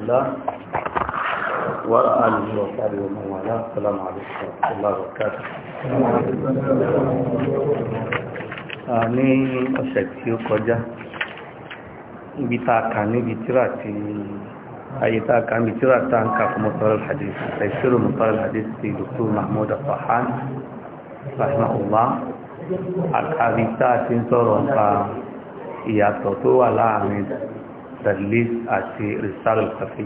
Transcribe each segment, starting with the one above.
الله وآله وصحبه ومن والاه السلام عليكم ورحمة الله وبركاته ní ọ̀sẹ̀ tí ó kọjá ibi tààkà níbi tíra ti ayé tààkà níbi tíra tààkà fún mọ́tọ́rọ̀ hadith ẹ̀ṣẹ́rò mọ́tọ́rọ̀ hadith ti Dr. Mahmoud afahan rahimahullah àkàrí tàà ti ń sọ̀rọ̀ nípa ìyàtọ̀ tó wà láàrin tadlis àti risal kafi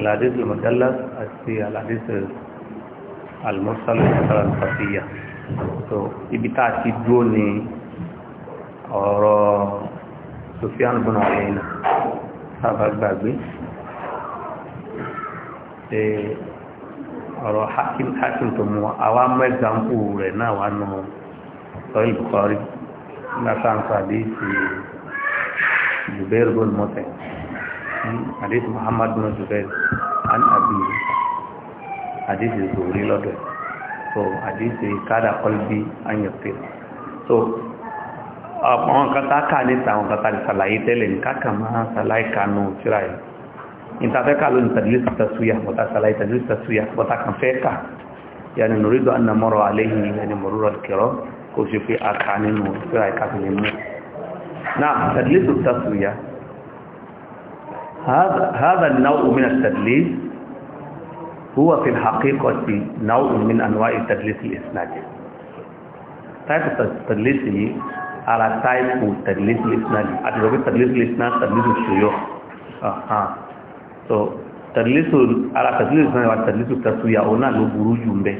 aladis al-madalas àti aladis al-mursal risal kafiya so ibi tá ti dúró ní ọ̀rọ̀ sofiyan bin ọ̀rẹ́nà sábà gbàgbé ọ̀rọ̀ hakim hakim tó mú àwọn mẹ́gbàmù rẹ̀ náà wà nù sọ́yìn Bukhari nígbàtà ń sàdé sí i Zubair bin Mut'im hmm, hadith Muhammad bin Zubair an abi hadith Zuhri lọ́dọ̀ so hadith kada qalbi an yaqtir so àwọn kan tá kà ní tàwọn kan tá lè ṣàlàyé tẹ́lẹ̀ ní káàkà máa ṣàlàyé kanú síra ẹ̀ ìtafẹ́kà ló ní tàdílé tàṣúyà bọ́ta ṣàlàyé tàdílé tàṣúyà bọ́ta kan fẹ́ kà yàní nùrídọ̀ annamọ́rọ̀ aléhìn yàní mọ̀rúrọ̀ kẹrọ kò ṣe pé a nínú síra ẹ̀ káàkà mú نعم تدليس التسوية هذا هذا النوع من التدليس هو في الحقيقة نوع من أنواع التدليس الإسنادي تايب التدليس على تايب التدليس الإسنادي أتجرب التدليس الإسنادي تدليس الشيوخ أها so تدليس على تدليس الإسنادي تدليس التسوية هنا لو بروج به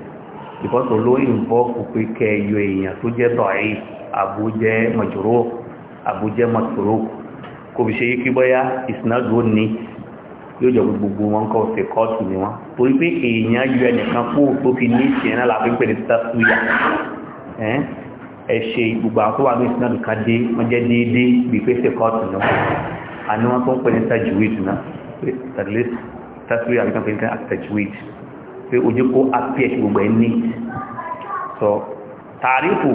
because olóyìnbó kò pé kẹyọ èèyàn tó jẹ́ dọ̀ẹ́ àbújẹ́ mọ̀jòrò àbújẹ́ mọ̀tòrókù kò fi ṣe yí kí bọ́yá ìsìnàdó ní yóò jọ gbogbo wọn kọ́ ṣe kọ́ọ̀tù ni wọn torí pé èèyàn ju ẹnìkan kó tó fi ní ìṣẹ̀ náà láti pè ní tásúyà ẹ ṣe gbogbo àwọn tó wà ní ìsìnàdó ká dé wọ́n jẹ́ déédéé bí pé ṣe kọ́ọ̀tù ni wọn àní wọn tó ń pè ní tajwid náà tásúyà àbíkan pé ní tajwid pé ojú kó apíẹ̀ gbogbo ẹ̀ ní sọ tàrífù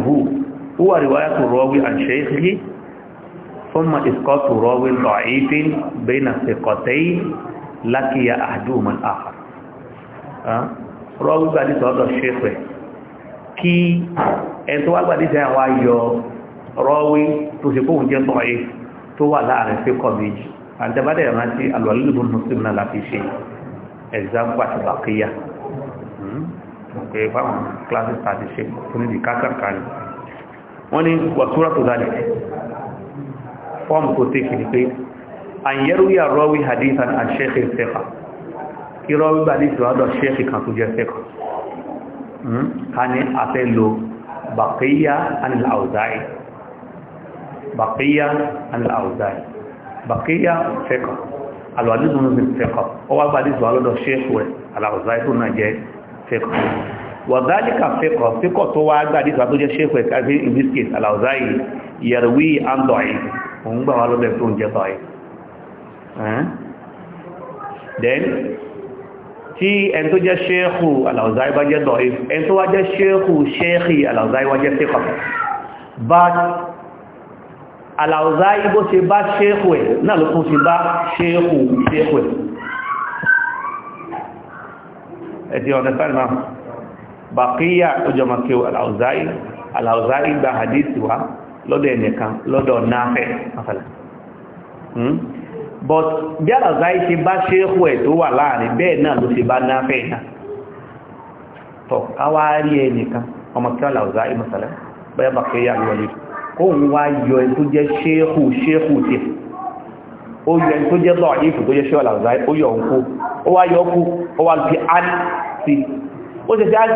ثم إسقاط راو ضعيف بين الثقتين لكي أحدهما الآخر راوي بعد هذا الشيخ kí ẹ̀tọ́ agbàdíṣẹ́ àwọn ayọ̀ rọ́wí tó sì kóhùn jẹ́ tọ́yí tó wà láàrin sí kọ̀míjì àjẹ́bádẹ̀ ìrántí alwalilubun muslim náà láti ṣe example àti bàkíyà hmm? pé fáwọn classes àti ṣe tó níbi kákàkà ni wọ́n ni wàtúrà tó dálẹ̀ fọ́ọ̀mù tó tẹ́kì ní pé àyẹ́rúyà rọ́wí hadithan and sheikh sefa kí rọ́wí bá ní ìtìwádọ̀ sheikh kan tó jẹ́ sefa hmm? ká ní afẹ́ lo bàkíyà anil auza'i bàkíyà anil auza'i bàkíyà sefa alwàdìsù ní sefa ó wá gbà ní ìtìwádọ̀ sheikh wẹ̀ al-auza'i tó náà jẹ́ sefa wàzálíkà fẹ́kọ̀ fẹ́kọ̀ tó wá gbà ní ìtìwádọ̀ sheikh wẹ̀ káfí in this case al-auza'i yarwi and do'i òun gbà wá lọ́bẹ̀ tó ń jẹ́ tọ́ ẹ̀ then tí ẹn tó jẹ́ ṣéèkù Al-Awzā'ī bá jẹ́ da'if ẹn tó wá jẹ́ ṣéèkù ṣéèkì Al-Awzā'ī wá jẹ́ síkọ̀ but Al-Awzā'ī bó ṣe bá ṣéèkù ẹ̀ náà ló fún sí bá ṣéèkù ṣéèkù ẹ̀ ẹ̀tì ọ̀nà sálìmá Baqiyya lọ́dọ̀ ẹnìkan lọ́dọ̀ náàfẹ́ afẹ́lá hmm? but bí àlàzá ṣe bá ṣéhù ẹ̀ tó wà láàrin bẹ́ẹ̀ náà ló ṣe bá náàfẹ́ náà tọ́ káwá rí ẹnìkan ọmọ kí àlàzá ìmọ̀sálẹ́ bẹ́ẹ̀ bá kẹ́ yà lọ́lẹ́ kó ń wá yọ ẹ tó jẹ́ ṣéhù ṣéhù tẹ̀ ó yọ ẹ tó jẹ́ lọ́ ìfù tó jẹ́ ṣéhù àlàzá ó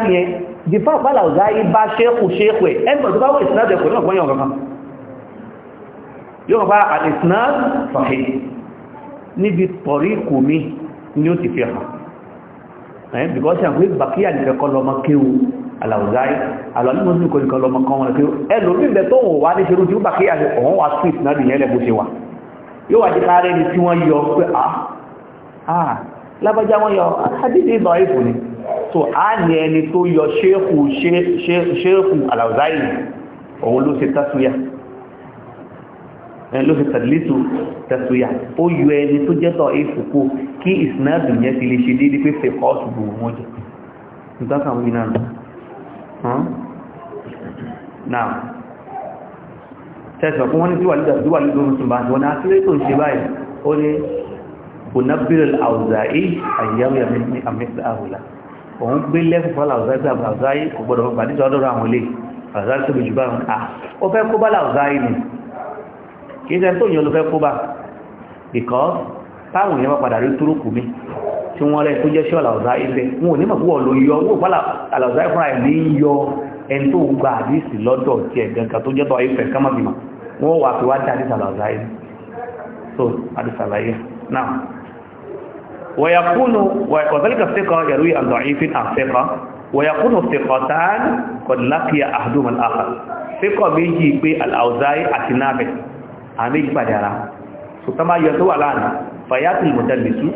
yọ ń di àpàlà ọ̀gá yí bá ṣéèkù ṣéèkù ẹ̀ ẹgbẹ̀ tó bá wọ́n ìsinádì ẹ̀kọ̀ náà gbọ́nyàn kankan yóò bá àìsinád fàáhì níbi tọ̀rí kò mí ní ó ti fi hàn ẹ̀ bìkọ́ sí àgbé bàkíyà ní ẹ̀kọ́ lọmọ kéwù àlàùzáì àlọ́lọ́mọ́sí kò ní kọ́ lọmọ kan wọn kéwù ẹ lórí ilẹ̀ tó wà ní ṣerú tí ó bàkíyà ní ọ̀hún wà ṣe wà yóò wà jẹ́ káàrẹ́ ni tí so a ní ẹni tó yọ ṣéèkù ṣéèkù Al-Awza'i òun ló ṣe tásúyà ẹni ló ṣe tàdílítù tásúyà ó yọ ẹni tó jẹ́tọ̀ ìfòkó kí ìsinádù yẹn ti lè ṣe déédé pé fẹ́kọ́ọ̀tù bù wọ́n jẹ́ ìgbákàwé náà náà tẹ́sọ̀ fún wọ́n ní díwàlú lórúkùn bá wọ́n á kéré tó ń òun gbé lẹ́fù fún aláwùzáì pé aláwùzáì kò gbọdọ̀ fún pàdé ọdọ́rọ̀ àwọn ilé aláwùzáì tóbi jù bá wọn à ó fẹ́ kó bá aláwùzáì ni kìí ṣe tó yàn ló fẹ́ kó bá because táwọn èèyàn bá padà rí túrúkù mi tí wọ́n lẹ́yìn tó jẹ́ ṣọ́ aláwùzáì fẹ́ wọn ò ní mọ̀ púpọ̀ ló yọ wọn ò fọ́ aláwùzáì fúnra ẹ̀ ní yọ ẹni tó gba àdísì lọ́dọ̀ tí ẹ̀ gangan so àdísì aláwùzáì now ويكون وذلك الثقة يروي عن ضعيف عن ثقة ويكون الثقتان قد لقي أحدهما الآخر ثقة méjì pé الأوزاعي àti Nafi àméjì pàdé ara sùtàmà yọ tó wà láàrin fàyàtì mùdálìsù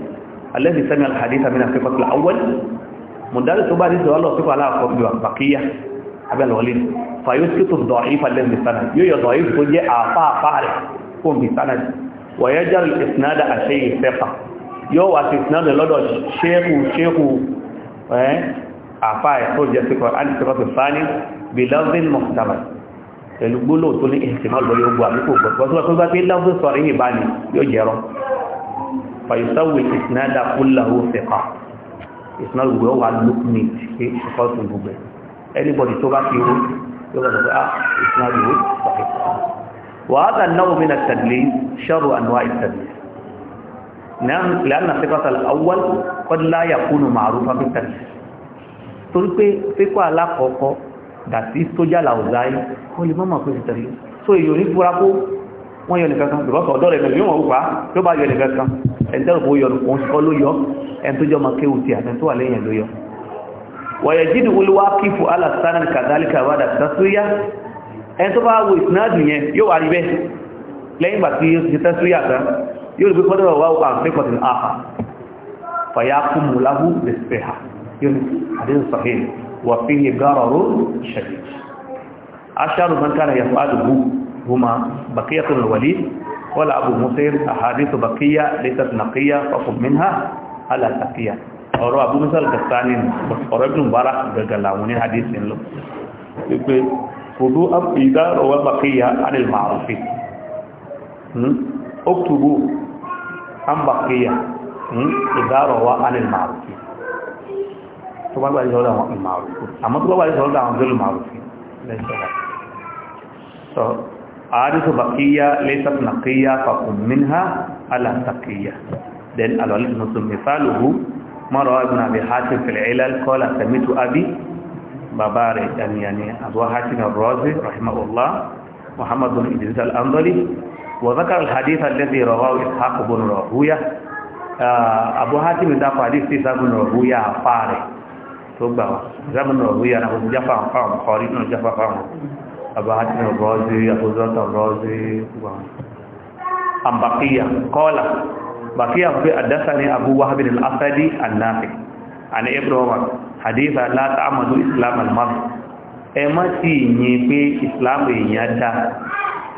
الذي سمع الحديث من الثقة الأول مدرس بعد ذلك الله ثقة على قبل بقية أبي الوليد فيسكت الضعيف الذي سند يو ضعيف كل عفا فارق قوم بسند ويجر الإسناد الشيء ثقة yóò wà sí ìsinmi lọ́dọ̀ ṣéhù ṣéhù ẹ́ àfà ẹ̀ tó jẹ́ síkọ̀ alìsíkọ̀tì fani beloved mọ̀tàbà pẹ̀lú gbólò tó ní ìsinmi lọ́yọ̀ ogun àbíkò gbọ́gbọ́ tó tó bá pé lọ́dún sọ̀rọ̀ yìí bá ní yóò jẹ́rọ fàyíṣàwì ìsinádà anybody tó bá fi wó yóò bá sọ pé ah ìsinádà gbogbo لأن الثقة الأول قد لا يكون معروفا في التفسير torí pé fíkọ́ alákọ̀ọ́kọ́ dàtí sójà làwùzáyí ó lè mọ́mọ̀ pé ìtẹ̀rí so èyàn ní fúra kó wọ́n yọ nìkankan ìrọ́sọ̀ ọ̀dọ́ rẹ̀ mẹ́rin yóò wọ́n wà tó bá yọ nìkankan ẹ̀ntẹ́rùpọ̀ yọ òun sọ ló yọ ẹn tó jọ ma kéwù ti àtẹ́ tó wà lẹ́yìn ló yọ wọ̀yẹ̀ jídù olúwa kífù alàsánà kàdálíkà wà dàtí sásúyá ẹn tó bá wo ìsinádùn yẹn yóò wà rí bẹ́ẹ̀ tí ó ti tẹ́súyà tán yóò gbé kọ́dọ̀ wà wà fẹ́kọ̀tì àfà fàyàkùn múláhù lè fẹ́hà yóò àdín sọ̀hìn wà fi yẹ gára ró ṣẹ̀lẹ̀ aṣáàrù man kára yà fàá dùgbù huma bakiyya tó wàlí wọ́la abu musayir ahadithu bakiyya laysat naqiyya faqum minha ala taqiyya ọ̀rọ̀ abu musal gastani ọ̀rọ̀ ibn bara gagala wani hadisi lọ wípé fudu abu idaro أم بقية إدارة عن المعروف ثم بعد ذلك عن المعروف أما بقية ليست نقية فقم منها على تقية دين الولي بن مثاله ما رأى ابن في العلل قال سميت أبي بباري يعني يعني أبو حاتم الرازي رحمه الله محمد بن إدريس الأنظري وذكر الحديث الذي رواه إسحاق بن راهوية أبو حاتم ذاك حديث إسحاق بن راهوية فاري توبا زمن راهوية أنا جفا فاهم خاري أنا جفا فاهم أبو حاتم الرازي أبو ذات الرازي أم بقية قال بقية حدثني أبو وهب الأسدي النافع عن إبراهيم حديث لا تعمدوا إسلام المرء ẹ má sì إسلام pé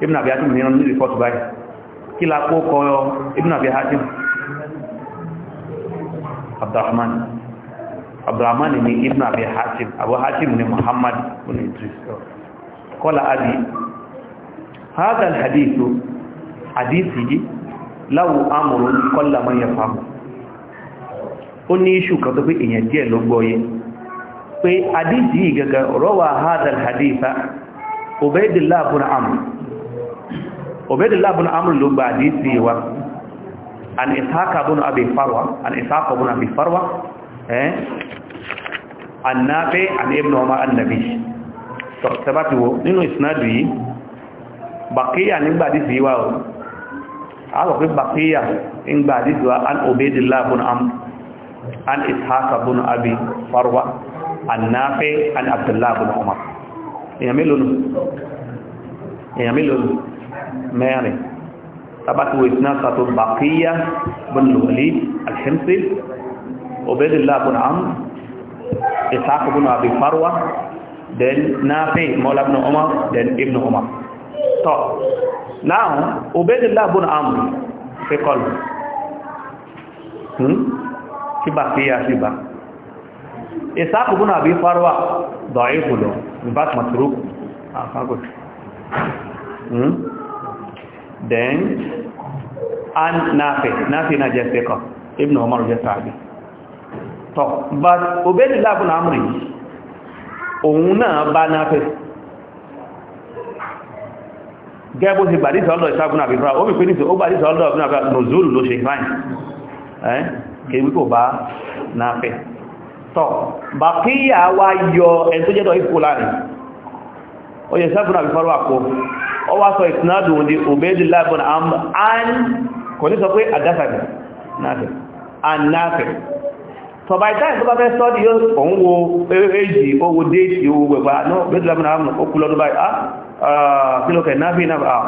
ibn abi hatim ní ní report báyìí kí la kó kọ ibn abi hatim abdurrahman abdurrahman ní ibn abi hatim abu hatim ní muhammad ibn idris kọ́lá abi هذا الحديث حديثي لو أمر كل من يفهمه ó ní iṣù kan tó pé èèyàn díẹ̀ ló gbọ́yé pé hadith yìí gẹ́gẹ́ rọwà hadal Ubaydillah ibn Amr Ubaydullah ibn Amr ló gba àdísì an Ishaq ibn Abi Farwa an Ishaq ibn Abi Farwa eh an Nafi an Ibn Umar an-Nabi so sabati wo nínú isnadu yìí Baqiya ni gba àdísì wa o àwọn pé Baqiya ń gba àdísì an Ubaydullah ibn Amr an Ishaq ibn Abi Farwa an Nafi an Abdullah ibn Umar èèyàn mélòó nù èèyàn mẹ́rin tabatiwo isnaqatu baqiya bin walid alhimsi ubaydillah bin amr ishaq bin abi farwa then nafi mawla ibn umar then ibn umar so now ubaydillah bin amr fi qalb hmm ki baqiya ki ba ishaq bin abi farwa da'if lo in fact matruk ah good hmm then and Nafi Nafi na jẹ́ sẹ́kọ̀ Ibn Umar jẹ́ sàábí tọ́ but Ubaydillah ibn Amr òun náà bá Nafi gẹ́gbó ti gbàdí sọ́lọ́ ìṣàgùn àbífà o wípé nìsẹ̀ ó gbàdí sọ́lọ́ ìṣàgùn àbífà nùzúlù ló ṣe fáìn ẹ́ kèwí kò bá Nafi tọ́ bàkíyà wá yọ ẹni tó jẹ́ onye sábùn àbí fọ́rọ̀ àkó ọ sọ ìtìnádùn ndị òbẹ́dì lábùn an kò ní sọ pé àdásàbì so by time tó bá fẹ́ yóò òun wo owó déètì owó gbẹ̀gbà náà òbẹ́dì lábùn àn ó kú lọ́dún ah, ah kílọ̀kẹ̀ náàfẹ́ ah,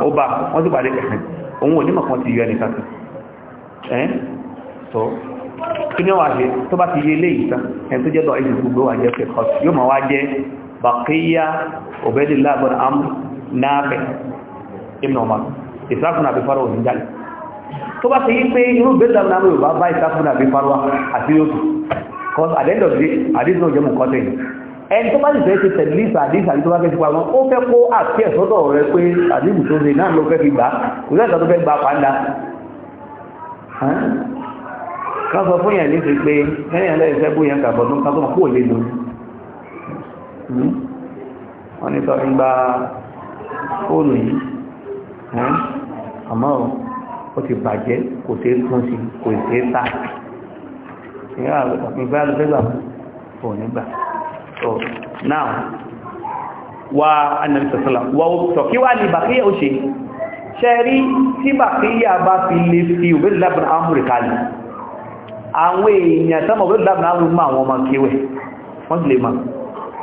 wọ́n sì pàdé kẹ̀kẹ́ òun ní mọ̀kan ti yọ ẹnìkan so kí ni wọ́n ṣe tó bá ti yé ilé ìta ẹni tó jẹ́ gbogbo yóò mọ̀ wá jẹ́ baqiya ubaydillah ibn amr nafi ibn umar isafuna bi farwa bin jali tó bá pe pé irú be lam namu ba ba isafuna farwa at the end of the hadith no jemu ko en tó bá ṣe ṣe tẹ̀lé hadith àti tó bá ṣe pa wọ́n ó fẹ́ kó àti eso do hadith ha Hmm? wọ́n ní sọ nígbà fóònù yìí hmm? àmọ́ ó ti bàjẹ́ kò tẹ́ tún sí kò tẹ́ tà ìyá ìgbà alùfẹ́gbà fò nígbà so now wa annabi sọ́sọ́lá wa ó sọ kí wá ní bàkíyà ó ṣe ṣẹ́rí tí bàkíyà bá fi lè fi òbí lábùn ámùrìkà lè àwọn èèyàn sọ́mọ̀ òbí lábùn ámùrìkà wọn ma kéwẹ̀ wọ́n lè máa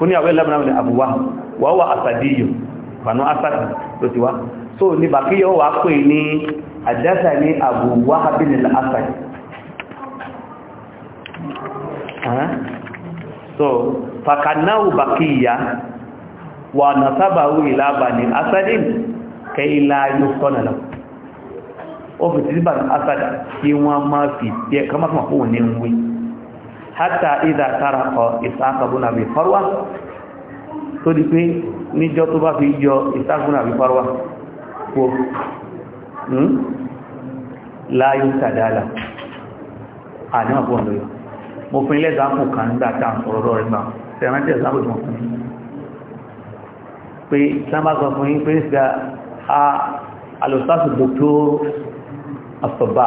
kuni awe labna min abuwa wa huwa asadiyo banu asad ló ti wá so ni bakiyo wa pe ni adasa ni abu wahab bin al-asad ha so fakanau bakiya wa nasabahu ila bani asadin kay la yusqana lahu o fi tiban asad ki wọ́n ma fi kama ma ko ne hátà ìdà tàràkọ̀ ìsáàkàbùn àbí farwa tó di pé níjọ́ tó bá fi yọ ìsáàkàbùn àbí farwa kò láyé tàdálà àníwà pọ̀ lóyọ mo fún ilé ìzáàpù kan nígbà tá à ń sọ̀rọ̀ lọ́rẹ̀ gbà fẹ̀rántì ìzáàpù tí mo fún yín pé sábà sọ fún yín pé ìsìgá alòsáàsù dókítà àsọ̀bà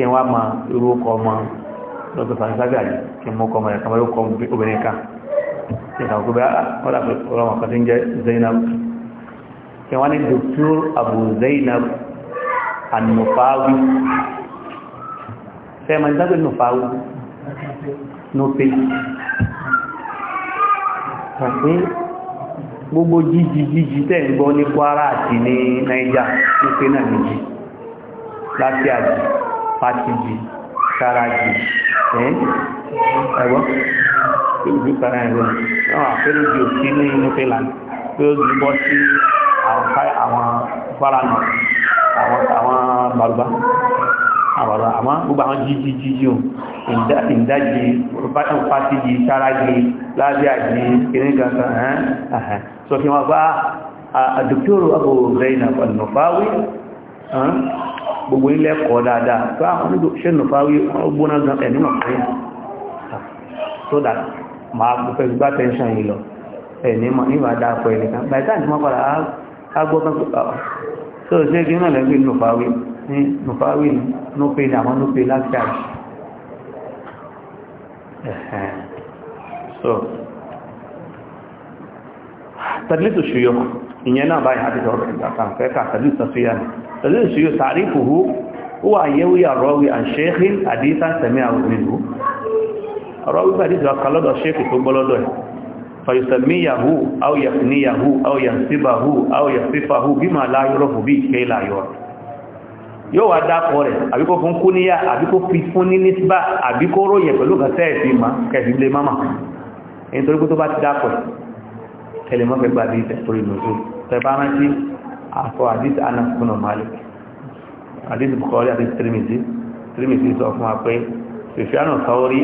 kí wá ma irú ọkọ̀ ọmọ lọ́tọ̀ fanṣágà yìí kí mọ́ ọkọ̀ ọmọ yẹn kàmọ́ ọkọ̀ obìnrin ká kí kàwọn kó bá wọ́n dà pé ọlọ́mọ kan ti ń jẹ́ Zainab kí wọ́n ní Dr. Abu Zainab anufawi fẹ́ẹ̀mà ń dágbé nufawi nupe pàpé gbogbo jíjí jíjí tẹ́ ń gbọ́ ní Kwara àti ní Naija nupe náà nìyí láti àjì pàtìjì kárajì ẹ̀gbọ́ ìlú kara ẹ̀rọ náà àfẹ́rẹ́ ojú òsì ní newfoundland pé ó ti bọ́ sí àwọn fáránà àwọn bàrùbá àwọn àmọ́ gbogbo àwọn jíjí jíjí o ìdájí pàtìjì kárajì lábẹ́ àjí kìrìngàkà ẹ̀hẹ́n sọ fi wọn bá àdùkúrò Abu Zainab al-Nufawi gbogbo ilẹ̀ kọ́ dáadáa tó àwọn onídò ṣe nù fáwí ọgbóná gan ẹ̀mí náà pé so that máa fẹ́ gbá tẹ́ńṣàn yìí lọ ẹ̀ní ìwà dáa pẹ̀ nìkan by time wọ́n padà agbọ́gbọ́n ah, ah. tó ṣe kí náà lẹ́gbẹ̀ẹ́ nù fáwí ní nù fáwí nù pé ní àwọn so tàbí lè tó ìyẹn náà báyìí àti ọ̀rọ̀ ìgbàkànfẹ́kà pẹ̀lú ìtàfíyàní pẹ̀lú ìṣòyò tàrífùhú ó àyẹ́wò àrọ́wì àṣẹ́hì àdíta sẹ̀mí àwọn òmìnirú ọ̀rọ̀wì bàdíjọ akalọ́dọ̀ ṣẹ́kì tó gbọ́lọ́dọ̀ ẹ̀ fàyùsẹ̀míyàhú áwòyàfìníyàhú áwòyàfífàhú áwòyàfífàhú bí màá láyọ́rọ̀ fún bí ìkẹ́ ìlàyọ̀ yóò wá dákọ̀ rẹ̀ àbíkó fún kúníyà àbíkó fi fún ní nísbà àbíkó róyẹ̀ pẹ̀lú kẹsẹ̀ẹ̀fì ma kẹfì lè ẹlẹ́mọ́ fẹ́ gbà dìí tẹ̀sítorí lòzó tẹ̀bá rántí àfọ àdìs Anas ibn Malik àdìs Bukhari àdìs Tirmidhi Tirmidhi sọ fún wa pé fìfìánù sáwórí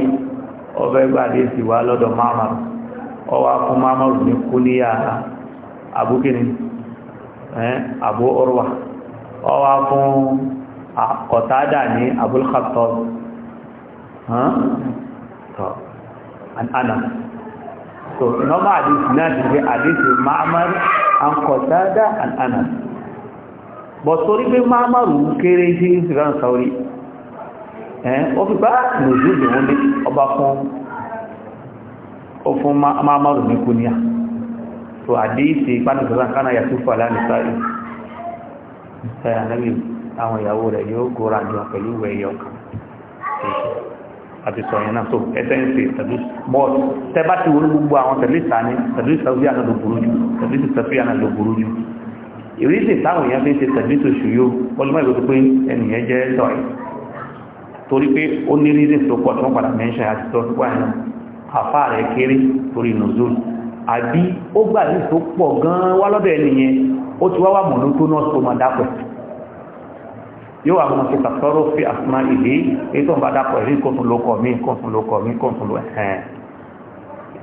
ọfẹ́ gbà dìí sì wá lọ́dọ̀ Ma'mar ọwá fún Ma'mar ní kú ní yàrá abúkíní Abu Urwa Anas so normal hadith náà a fi hadith Ma'mar an Qatada an Anas but torí pé Ma'mar ń kéré ndị ìsìnkán sáórí ó fi bá nùzú lòun ní ọba fún ó fún Ma'mar so hadith ìpánisọ̀sán kánà yàtúfà lánìsáì ìsáyà náà àwọn ìyàwó rẹ̀ yóò góra kan àti sọ̀yìn náà tó ẹsẹ̀ ń ṣe tẹ̀lú bọ́ọ̀t tẹ bá ti wọlé gbogbo àwọn tẹ̀lú ìsàní tẹ̀lú ìsàfíà náà ló burú jù tẹ̀lú ìsàfíà náà ló burú jù ìrísì táwọn èèyàn fi ń ṣe tẹ̀lú ìtòṣù yóò ọlọ́mọ ìlú pé ẹnìyẹn jẹ́ sọ̀rọ̀ torí pé ó ní rírì tó pọ̀ tí wọ́n padà mẹ́ṣẹ́ àti tó pọ̀ àyàn àfá rẹ̀ kéré torí nùzùn àbí ó gbà ní tó pọ̀ gan-an wá lọ́dọ̀ ẹnìyẹn ó ti wá wà mọ̀ lótó náà tó máa dápẹ̀ yóò àwọn ọmọ ṣètà sọ́rọ́ fi àsùnmá ìdí èyí tó ń bá dàpọ̀ èyí kò tún ló kọ̀ mí kò tún ló kọ̀ mí kò tún ló ẹ̀hẹ́n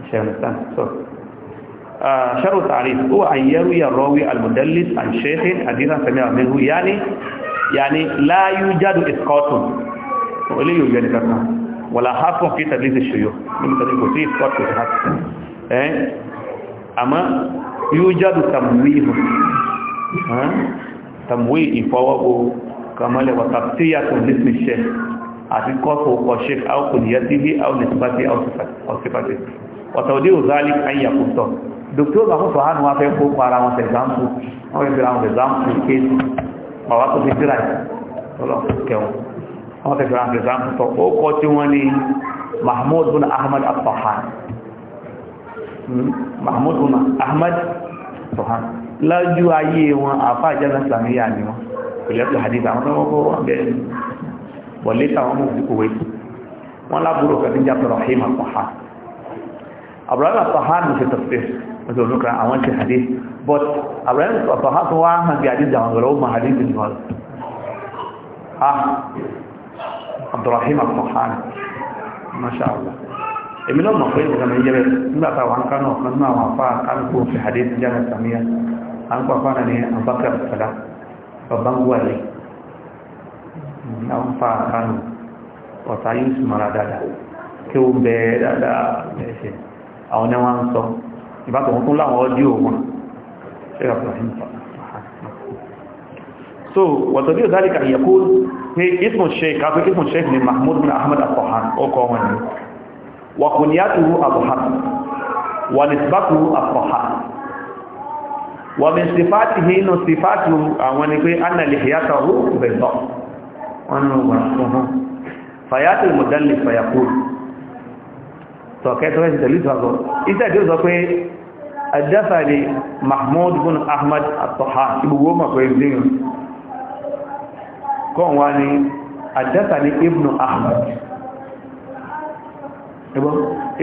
ṣẹ̀rùn sáà sọ. شر التعريف هو أن يروي الراوي المدلس عن شيخ حديثا سمع منه يعني يعني لا يوجد إسقاط ولا يوجد إسقاط ولا حرف في تدليس الشيوخ من تدليس في إسقاط في الحق أما يوجد تمويه تمويه فوق kàmọ́lẹ̀ wàtàkìyàtò nísìn iṣẹ́ àti kọ́kọ́ ọkọ̀ ṣe àwọ̀kò ní yàtíbí àwọn ìsìpàtí ọ̀sìpàtí ọ̀tọ̀dé òzálì ayyàkùtọ̀ dr bakọ́fà hàn wá fẹ́ kó para wọn tẹ̀zámpù wọ́n fẹ́ fẹ́ràn tẹ̀zámpù kéèsì bàbá tó fi tíra ọlọ́kẹ̀wọ̀n wọ́n fẹ́ fẹ́ràn tẹ̀zámpù tọ́ ó kọ́ tí wọ́n ní mahmud bin ahmad afahan hmm? mahmud bin ahmad afahan lájú ayé wọn àfáà jẹ́ kìlẹ̀tù hadith àwọn ọmọ wọn bẹ̀rẹ̀ bọ̀ lẹ́tà wọn mú sí wé wọn lábúrò kẹfí ń jápẹ̀rọ hima sọ̀há àbúrálà sọ̀há ní ṣe tọ̀fẹ́ ní ṣe olókra àwọn ṣe hadith but àbúrálà sọ̀há tó wá hàn bí hadith àwọn ọ̀rọ̀ ọmọ hadith ní wọn ah abdurrahim sọ̀há masha allah èmi náà mọ̀ pé ìgbàgbọ́ ìjẹ́rẹ́ nígbà táwọn kánú ọ̀kan náà wà fà kánú kó fi hadith jáde sàmíyà à ń pàpá náà ní abakar salah bàbá ń wà lẹ́ náà ń fa àkànù ọ̀tá yóò sì mara dáadáa kí ó bẹ̀ẹ́ dáadáa ẹ̀ṣẹ̀ àwọn ni wọ́n ń sọ ìbátan wọn tún láwọn ọdí òun ṣe rà fún so wàtàbí òzálìkà ni mahmud bin ahmad al-fahan ọkọ̀ wọn ni wàkùnìyàtù abu hassan wà nìsbàtù al-fahan wọ́n mi sífàtì nínú sífàtì àwọn ni pé annàlè ìyàtọ̀ ó bẹ̀tọ̀ wọ́n ní ọgbà ọ̀hún fàyàtì mọ̀dánlè fàyàkó tọ̀kẹ́ tọ́wẹ́ ìtẹ̀lú ìtọ́gọ́ ìtẹ́ tí ó sọ pé àjẹ́sàrí mahmoud bin ahmad àtọ̀há ibùgbó mọ̀kọ̀ ìdíyàn kọ́ wá ní àjẹ́sàrí ibn ahmad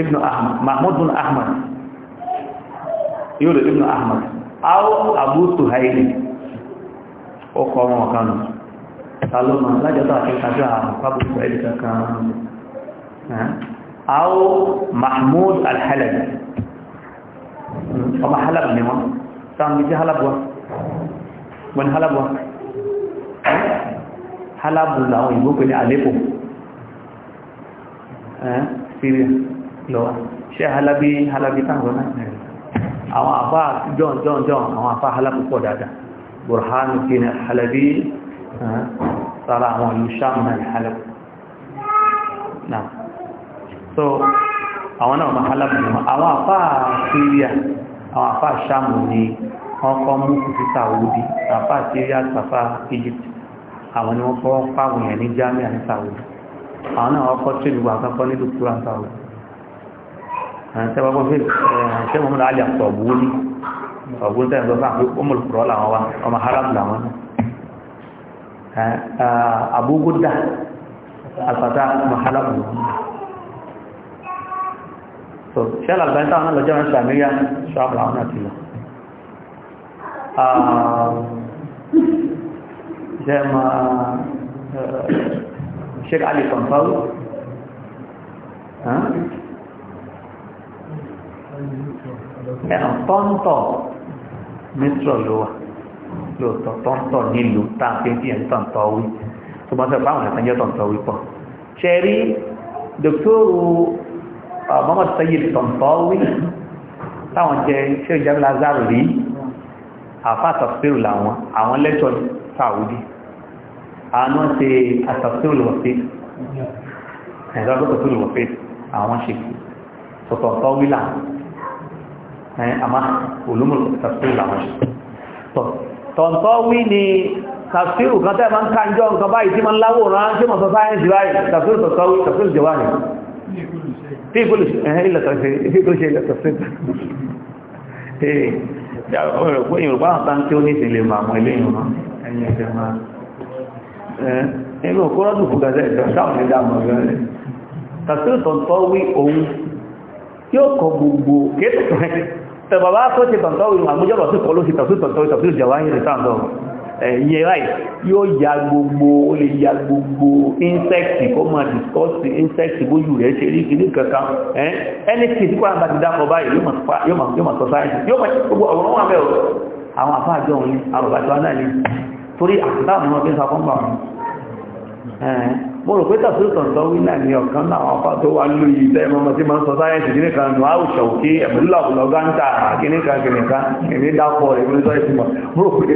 ibn ahmad mahmoud bin ahmad yóò lè ibn ahmad àwọn àbúsù haìlì ọkọ̀ ọmọ ọ̀kanù saloma lájọ́tọ̀ àkẹ́kàjọ́ àbúsù haìlì kankan àwọn mahmoud alhalab ọmọ halab ni wọ́n sáàmì tí halab wá wọ́n halab wá halab láwọn ìgbó pẹ̀lú àlépò syria lọ ṣe halabi halabi tàbí náà àwọn àfá john john john àwọn àfá halabu pọ̀ dáadáa burhanuddin halabi eh, sára àwọn ìlú sàmà halabu náà so àwọn náà ma halabu ni àwọn àfá syria àwọn àfá sàmù ni wọ́n kọ́ mú kùsí saudi àfá syria àfá egypt àwọn ni wọ́n kọ́ pàwọn èèyàn ní germany saudi àwọn náà wọ́n kọ́ tí ìlú àkọ́kọ́ nílùú kúrò saudi sẹ́wọ́n kó fi ṣé mo múra alẹ́ àpò ọ̀gbọ́n ní ọ̀gbọ́n tẹ́lẹ̀ tó fún àpò ọmọlùkùrọ̀ làwọn wa ọmọ haram làwọn àbúgbó dà eh, eh, ọmọ haram so ṣé alàgbà táwọn náà lọ́jọ́ ránṣẹ́ àmìríà ṣọ́ọ̀bù làwọn náà ti lọ. ṣé ah, ma ẹ̀hàn tọ́ntọ̀ mítọ̀ ló wà lóòótọ́ tọ́ntọ̀ nílùú táàfin fi ẹ̀ń tọ̀ntọ̀ wí tó bá sọ̀rọ̀ báwọn ẹ̀sán jẹ́ tọ̀ntọ̀ wí pọ̀ ṣe rí dòkítọ́rù Muhammad Sayyid tọ̀ntọ̀ wí táwọn jẹ ṣé ìjọba Lazaro rí àfa àtàfíìrù làwọn àwọn lẹ́tọ̀ sàwùdí àwọn ṣe àtàfíìrù lọ́fẹ́ ẹ̀dọ́gbọ́tàfíìrù lọ́fẹ́ so ṣe tọ̀tọ̀tọ̀ wílà àmá olómùlù tafsir làwọn tọ́ tọ̀ntọ́ ni tafsir kan tẹ́ máa ń ká jọ nǹkan báyìí tí máa ń láwò rán tí mọ̀ sọ sáyẹ́nsì báyìí tafsir tọ̀tọ́ wí tafsir jẹwà ní tí ìkúlù ilẹ̀ tafsir ìkúlù ṣe ilẹ̀ tafsir yorùbá àtà tí ó ní ìsìnlẹ̀ máa mọ̀ ilé ìrùn ẹni ẹ̀fẹ́ máa ẹgbẹ́ òkúrọ́ dùn fún gàzẹ́ ìjọ sáwọn ní dáàmù ọ̀gẹ́rẹ́ tàbí ìtọ̀ntọ́ wí ohun tí ó kọ gbogbo kéèkùn tẹ bàbá tó ṣe tọ̀ntọ́ ìrùn àmújọ́rọ̀ sí kọ́ ló ṣe tọ̀tún tọ̀tún ìtọ̀tún ìjẹ̀wáyìn rẹ̀ tàǹdọ̀ ẹ̀yẹ ráì yóò ya gbogbo ó lè ya gbogbo insect kó máa discuss insect bójú rẹ̀ ṣe rí kìíní kankan ẹni tí kó àgbà ti dákọ̀ báyìí yóò máa sọ sáyẹ̀nsì yóò máa gbogbo ọ̀rọ̀ wọn bẹ̀rẹ̀ àwọn àfáà jọ òun ni àwọn bàtà náà ni mo rò pé tàfíìsàn tó wí náà ní ọ̀kan náà àwọn afá tó wà ló yìí tẹ́ tí máa ń sọ sáyẹ́ǹsì kìíní kan nù áwùsọ̀ òkè ẹ̀mílọ́ọ̀lọ́ gáńtà kìíní kan kìíní kan èmi dápọ̀ èmi sọ ìtumọ̀ mo rò pé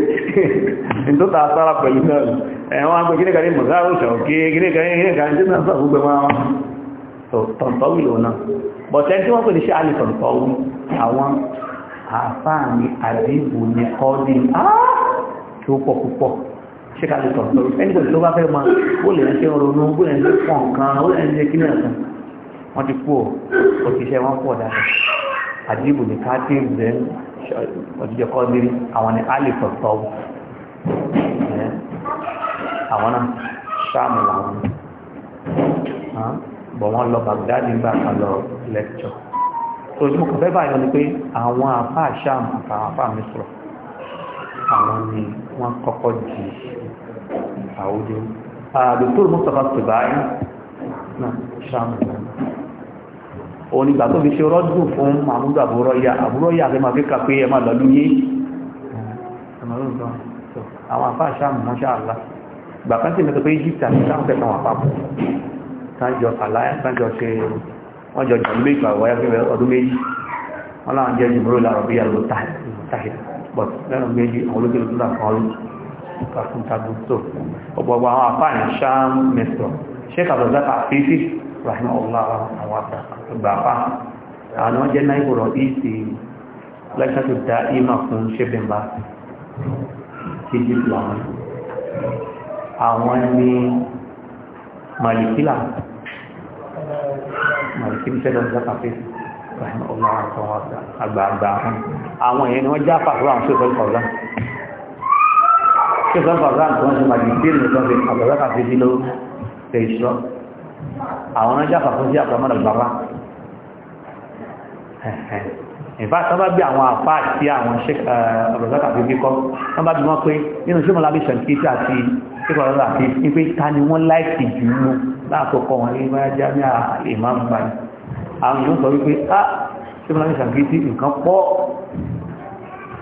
ìtòta sára pẹ̀lú kan ní mọ̀gá áwùsọ̀ òkè kan kìíní kan tí náà sọ gbogbo wọn tọ̀ntọ̀wì lò náà bọ̀tẹ́ tí wọ́n pè ní ṣe àlè tọ̀ntọ̀wì àwọn àfáà ṣé ká lè tọ̀ lórí ẹnìkan tó bá fẹ́ máa ó lè ṣe ronú bó lè ṣe pọ̀ nǹkan ó lè ṣe kí ní ọ̀sán wọ́n ti kú ọ̀ òṣìṣẹ́ wọn pọ̀ dáadáa àdìbò ní káàtì ìbẹ̀ ọ̀dìjọ́ kọ́ bí àwọn ni a lè tọ̀ tọ̀ àwọn náà sáàmù làwọn bọ̀ wọ́n lọ Baghdad ni pé àwọn Saudi. Dr. Mustapha Sibai náà ṣàmù. Òun ìgbà tó fi ṣe rọ́dùn fún Mahmoud Àbúrọ́yà. Àbúrọ́yà àti Màfíkà pé ẹ máa lọ lú yé. Àwọn àfáà ṣàmù náà ṣàlá. Ìgbà kan sì mẹ́ta pé Egypt àti Sáwọn fẹ́ kan wà papọ̀. Sáńjọ Àláyà, Sáńjọ ṣe wọ́n jọ jọ̀lú ìgbà wáyé fún ọdún méjì. Wọ́n láwọn jẹ́ jùmúrò lárọ̀ bí i àlọ́ kàfúntàbùtò ọ̀pọ̀gbọ̀ àwọn àfáàní sáàm mẹ́sọ̀ sheik abdulzak afifi rahim àwọn àgbàfà àwọn ọjẹ́ náà ìgbòrò ìsì lẹ́sàtò dá ìmà fún ṣẹ́bẹ̀mbà egypt làwọn àwọn ní malikila malikila sheik abdulzak afifi rahimahullah àwọn àgbàfà àwọn èèyàn ni wọ́n jáfà fún àwọn ṣẹ́bẹ̀mbà kí sọ fàbá tó ń ṣe màjìdíl ní sọ́fẹ́ àbẹ̀rẹ̀ kàfí bí ló fẹ́ ìṣọ́ àwọn ọjọ́ àfàfún sí àtọ́mọ́nà gbàgbá ìfà sábà bí àwọn àfá àti àwọn ọ̀rọ̀dá kàfí bí kọ́ wọ́n bá bí wọ́n pé nínú ṣé mọ̀lábí ṣàǹkìtì àti ìkọ̀rọ̀dá àti ìpé ta ni wọ́n láìsì jù ú láàkókò wọn ní ìmájá ní ìmáàmù báyìí àwọn ah ṣé mọ̀lábí ṣàǹkìtì nǹkan pọ̀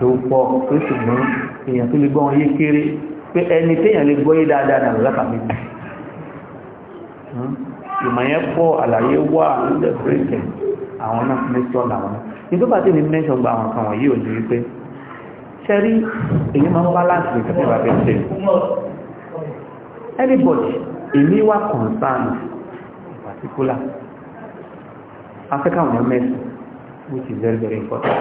tó pọ̀ tó ṣùgbọ́n èèyàn tó lè gbọ́ wọn yé kéré pé ẹni téèyàn lè gbọ́ yé dáadáa nà lọ́pàá méjì ìmọ̀yẹ́ pọ̀ àlàyé wà lóde bíríkẹ̀ àwọn náà fi mẹ́sọ̀ làwọn ní tó bá tí ní anybody èmi wà concern particular african women mẹ́sàn which is very very important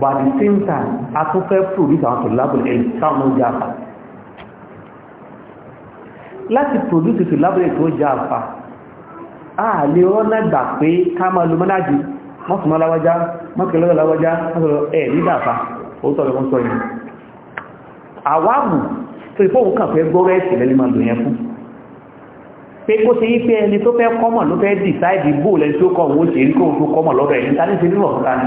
but at the same time a tún fẹ́ produce àwọn tòlábùl ilm táwọn ó jẹ́ àfà láti produce tòlábùl ilm tó jẹ́ àfà a lè rọ́nà gbà pé ká máa lo mọ́nájì mọ́sùmọ́ láwájá mọ́kẹ̀lọ́wọ́ láwájá mọ́sọ̀rọ̀ ẹ̀ nígbàfà òótọ́ lọ́wọ́ sọ yìí àwábù tó ìfóhùn kàn fẹ́ gbọ́rọ̀ ẹ̀sì lẹ́lẹ́ máa lò yẹn fún pé kó ṣe yí pé ẹni tó fẹ́ kọ́mọ̀ ló fẹ́ dìsáìdì bóòlẹ́ tó kọ̀ wọ́n ṣe rí kóhùn tó kọ́mọ̀ lọ́rọ̀ ẹ̀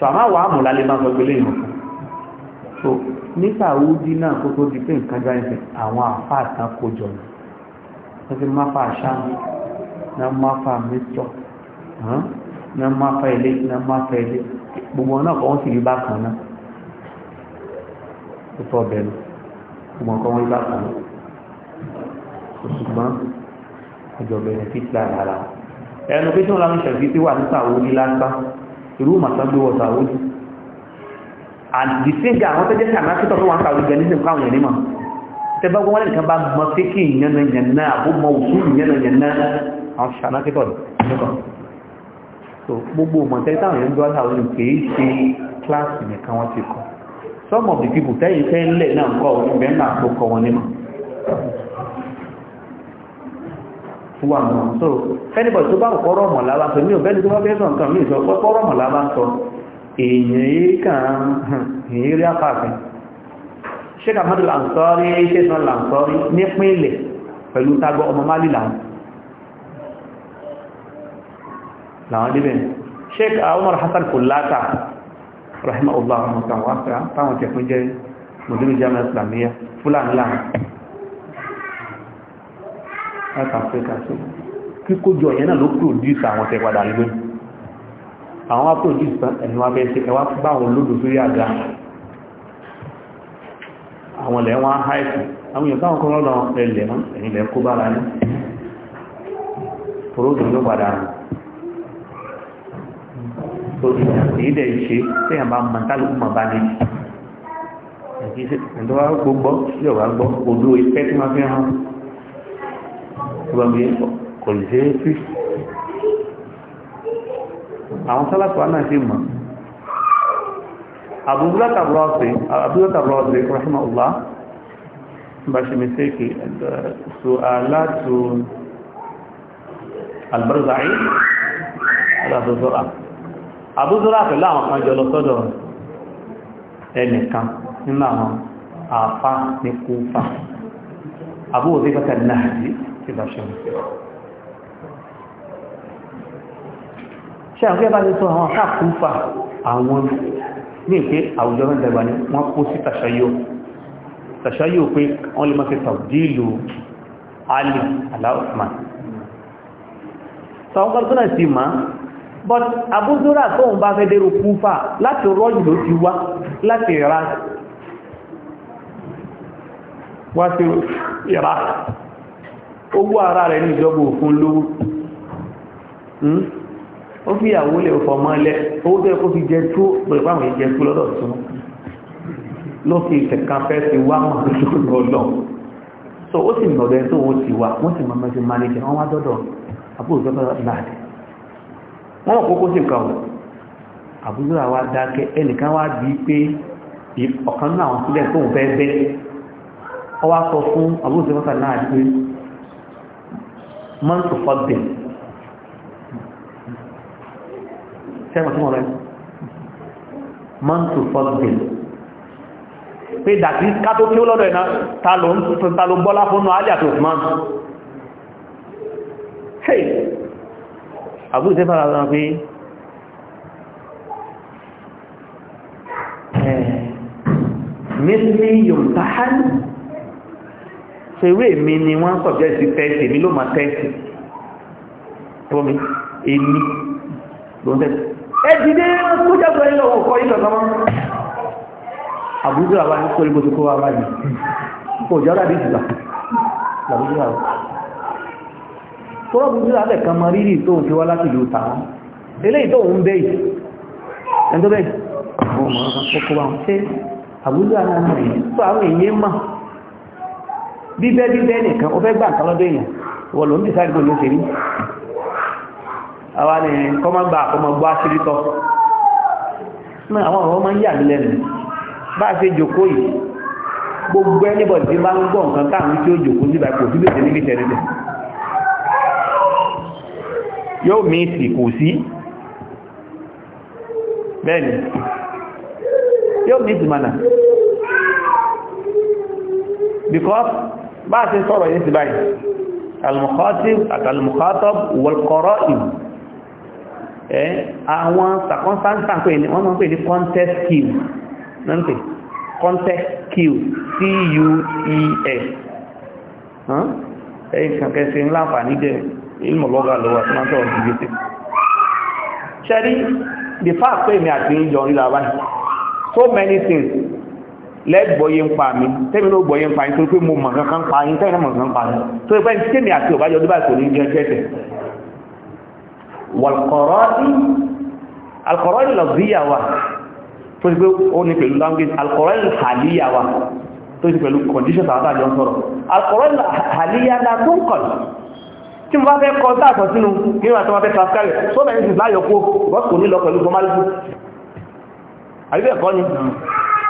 sàmà wà á mú lálẹ́ máa sọ pé lẹ́yìn ọ̀fun so ní sàwúdí náà kó tó di pé nǹkan jọ ẹ̀sìn àwọn àfáà kan kó jọ ní wọ́n ti máfa ṣáà náà máfa mẹ́tọ́ náà máfa ilé náà máfa ilé gbogbo náà kọ́ wọ́n sì rí bákan náà tó tọ́ bẹ̀rù gbogbo nǹkan wọ́n rí bákan náà ṣùgbọ́n ọjọ́ bẹ̀rẹ̀ fífà rárá ẹnu wọ́n láwọn ìṣẹ̀fí tí wà irú màtàgbé wọ sàwọ́dì and the same guy àwọn tẹ́jẹ́ sàmì àkítọ̀ tó wọ́n sàwọ́dì gan nísìn káwọn yẹn nímọ̀ tẹ́bá gbọ́n lẹ́nìkan bá mọ fíkì yànnàyànnà àbó mọ òṣùlù yànnàyànnà àwọn sàmì àkítọ̀ nìkan so gbogbo mọ̀tẹ́ táwọn yẹn ń dúwá sàwọ́dì kìí ṣe kíláàsì nìkan wọ́n ti kọ́ some of the people tẹ́yìn fẹ́ ńlẹ̀ náà kọ́ òun bẹ́ẹ̀ náà tó kọ́ wọn nímọ̀ wà wọn so fẹ́nìbọ̀ tó bá kọ́rọ̀ mọ̀ lábá sọ ní òbẹ́ni tó bá fẹ́ sọ nǹkan mìíràn sọ kọ́rọ̀ mọ̀ lábá sọ èèyàn yìí kàn èyí rí apáàfin sheik ahmadu lansori sheik náà lansori nípín ilẹ̀ pẹ̀lú tágọ́ ọmọ mali làwọn làwọn débẹ̀ sheik umar hasan kulata rahimahullah ọmọ kan wá fẹ́ táwọn tẹ̀kún jẹ́ mùdúrú jamiu islamiyya fúlàní làwọn kàkàfẹ́kàṣe kíkójọ yẹn náà ló produce àwọn tẹ padà lónìí àwọn produce ẹni wá bẹ́ẹ̀ ṣe ẹwà bá àwọn olódò sórí àga àwọn ilẹ̀ wọn háìpù àwọn èèyàn báwọn kọ́rọ́ lọ ẹlẹ̀ mọ́ ẹ̀yìn ilẹ̀ kó bára ní toródò ló padà rùn tó ìyàn èyí dẹ̀ ṣe tẹ́yàn bá mọ̀ tálùkù mọ̀ bá ní ẹ̀kí ṣe ẹ̀dọ́wà gbogbo ìgbàgbé kò lè ṣe é sí àwọn sálàpù náà ṣe mọ̀ abúlátà rọ́ọ̀sì rahimahullah bá ṣe mi séèkì ṣùgbàlátù uh, albarzai alábúzọ́rà abúzọ́rà pẹ̀lú àwọn kan jọ lọ sọ́dọ̀ ẹnìkan nínú àwọn àfá ní kúfà abúwòsí kẹta náà tí bá ṣe mú ṣe àwọn ẹgbẹ́ bá ti sọ àwọn káàkùn fà àwọn ní pé àwùjọ mẹ́dàgbà ni wọ́n kó sí tàṣayó tàṣayó pé wọ́n lè mọ́ sí tàbdílù alì aláwọ̀sman sọ ọgbọ́n tó náà sí máa but abúzúrà tó ń bá fẹ́ dérò kúfà láti rọ́jù ló ti wá láti ìrà wá sí ìrà owó ara rẹ̀ ní ìjọba òfin lówó hmm? ó fi ìyàwó lè fọmọ lẹ owó tó yẹ kó fi jẹ tó pẹ̀lú àwọn ìjẹ tó lọ́dọ̀ tó ló fi ìtẹ̀kan fẹ́ ti wá mọ̀ lọ́dọ̀ lọ so ó sì nọ̀dọ̀ tó wọ́n ti wà wọ́n sì mọ̀ mẹ́sì mánéjì wọ́n wá dọ́dọ̀ àbúrò tó láàdì wọ́n kókó sí nǹkan àbúrò àwa dákẹ́ ẹnìkan wá di pé ọ̀kan náà àwọn sílẹ̀ tóun fẹ́ bẹ́ ọ wá sọ fún àbúrò tó láàdì pé man to fagbin sẹ́wọ̀n tí wọ́n rẹ̀ man to fagbin pé dàtí kátó kí ó lọ́dọ̀ ẹ̀nà ta ló gbọ́lá fónú alì àti osman hey àbúrú tẹ́ fara rán pé مثلي يمتحن ṣeré mi ni wọ́n ń sọ̀bí ẹ̀sì tẹ́sì èmi ló máa tẹ́sì ẹwọ́n mi èmi ló ń tẹ́sì ẹ dìde kó jẹ́kọ̀ ẹ̀ lọ́wọ́ kọ́ yìí lọ́kọ́ àbújá wa ní kórìkò tó kó wa wá yìí kò jẹ́ ọ́dà bí ìjìlá làbújá wa tọ́rọ̀ bújá alẹ́ kan mọ rírì tó ń fi wá láti ìlú tàwọn àwọn ọmọ ọkọ̀ tó àwọn èèyàn mọ̀ bíbẹ́ bíbẹ́ nìkan ó fẹ́ gbà nǹkan lọ́dọ̀ èèyàn wọ́n ló ń dìsáì gbò ní ó ṣe rí àwọn ènìyàn kọ́mọ́ gbà kọ́mọ́ gbọ́ àṣírí tọ́ àwọn ọ̀rọ̀ máa ń yà mí lẹ́nu bá a ṣe jòkó yìí gbogbo ẹnìbọ̀dì tí máa ń gbọ́ nǹkan káàkiri tí ó jòkó síbà kò sí lèṣe níbi tẹ̀lé tẹ̀ yóò mí sì kò sí bẹ́ẹ̀ni yóò mí sì mànà because bá ṣe sọ̀rọ̀ yìí ti báyìí al-mukhatib àtàlmùkhatab wal-qara'ib ẹ́ àwọn circumstance pé ní wọ́n mọ́ pé ní contest skill náà pé contest skill c-u-e-s ẹ̀yìn kankan ṣe ńlá àǹfààní jẹ́ ìmọ̀lọ́gà lọ́wọ́ àti máa tọ́wọ́ ìgbé sí ṣẹ́rí the fact pé ní àti ìjọ orílẹ̀-àbáyìí so many things lẹ́gbọ̀ọ́yé ń pa mi tẹ́mi ló gbọ́yé ń pa yín tó pé mo mọ̀ kankan pa yín tẹ́mi mọ̀ kankan pa yín tó pé tẹ́mi àti ọ̀bájọ́ ọdún báyìí kò ní jẹ́ tẹ́tẹ̀ wàlùkọ̀rọ́ọ̀dì alùkọ̀rọ́ọ̀dì lọ bí yàwá tó ti pé ó ní pẹ̀lú language alùkọ̀rọ́ọ̀dì hàlí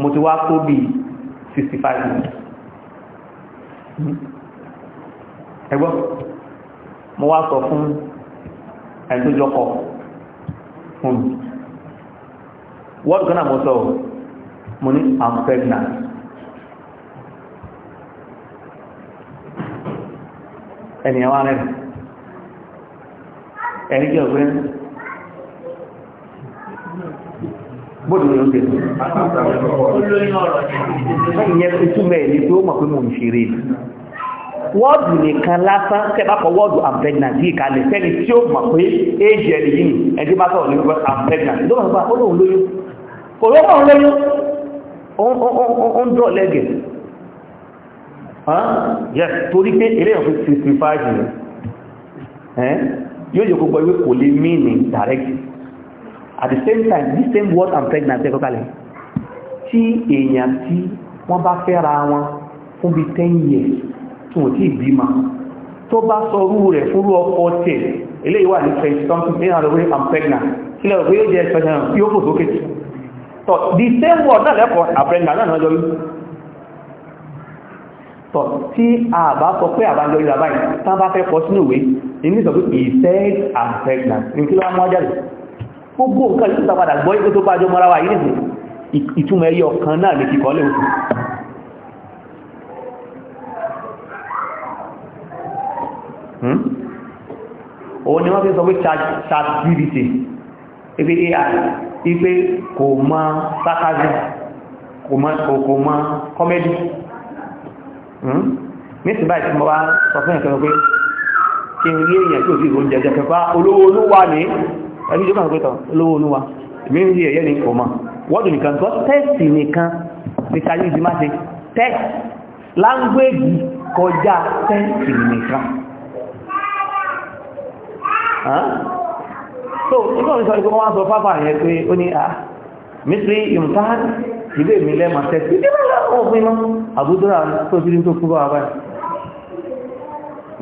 mo ti wá tó bí 65 minutes ẹgbọ́ mo wá sọ fún ẹ̀dójọpọ̀ fún mi wọ́n gánà mo sọ mo ní i'm pregnant ẹnìyàn wá rẹ̀ ẹ̀rí jẹ́ ọ̀gbẹ́ni bóòdù ni ó ṣe tó ìyẹn ìtumọ̀ ẹ̀ ni pé ó mọ̀ pé mò ń ṣeré ni wọ́ọ̀dù nìkan lásán kẹ́bàkọ̀ wọ́ọ̀dù I'm pregnant yìí kalẹ̀ sẹ́ni tí ó mọ̀ pé éjì ẹni yìí ẹni bá sọ̀rọ̀ nípa I'm pregnant ló mọ̀ pé ah, ó lóun lóyún kò ló mọ̀ lóyún ó ń dọ̀ lẹ́gẹ̀ yes torí pé eré ọ̀fẹ́ sixty five yìí yóò yẹ kó gbọ́ wípé kò lè mí ní direct at the same time this same word and pregnancy ẹ̀kọ́ kalẹ̀ tí èèyàn tí wọ́n bá fẹ́ra wọn fún bí ten years tí wọ́n ti bímọ tó bá sọrú rẹ̀ fúrú ọkọ̀ tẹ̀ eléyìí wà ní twenty something eight hundred way and pregnant sílẹ̀ òkú yóò jẹ́ expression yóò fò sókè tọ̀ the same word náà lẹ́kọ̀ọ́ àpẹẹrẹ náà náà jọ yìí tọ̀ tí a bá sọ pé àbájọ ìlàbáyìí tán bá fẹ́ kọ sínú ìwé ìní sọ pé he said I'm pregnant ní kí ló wá mú ajáde gbogbo nǹkan yóò tó padà gbọ́ ikú tó bá jọ mọ́ra wà yìí nìyí ìtumọ̀ ẹyọ kan náà lè kíkọ́ lè òkú òun ni wọ́n fi sọ pé ChatGPT ipe ai ipe kò mọ sarcasm kò mọ comedy hmm? nísìn báyìí tí mo bá sọ fún ẹ̀kẹ́ pé kí n rí èèyàn tí ò sí ìròyìn jẹjẹ pẹ̀pá olówó olówà ní ẹbí ìjọba àgbẹ́tọ̀ olówó olúwa mìíràn sí ẹ̀yẹ́ ní ọmọ wọ́dù nìkan gọ́ tẹ́ẹ̀sì nìkan ní sáyé ìdí máa ṣe tẹ́ẹ̀sì láńgbéèjì kọjá tẹ́ẹ̀sì nìkan so nígbà mi sọ pé wọ́n sọ fáfà yẹn pé ó ní à ah, mísírí ìmùtáhán ilé mi lẹ́mà tẹ́ẹ̀sì ìdí máa lọ́wọ́ fún iná àbúdúrà tó ti rí tó kúrò àbáyé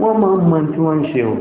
wọ́n máa ń tí wọ́n ń ṣe òun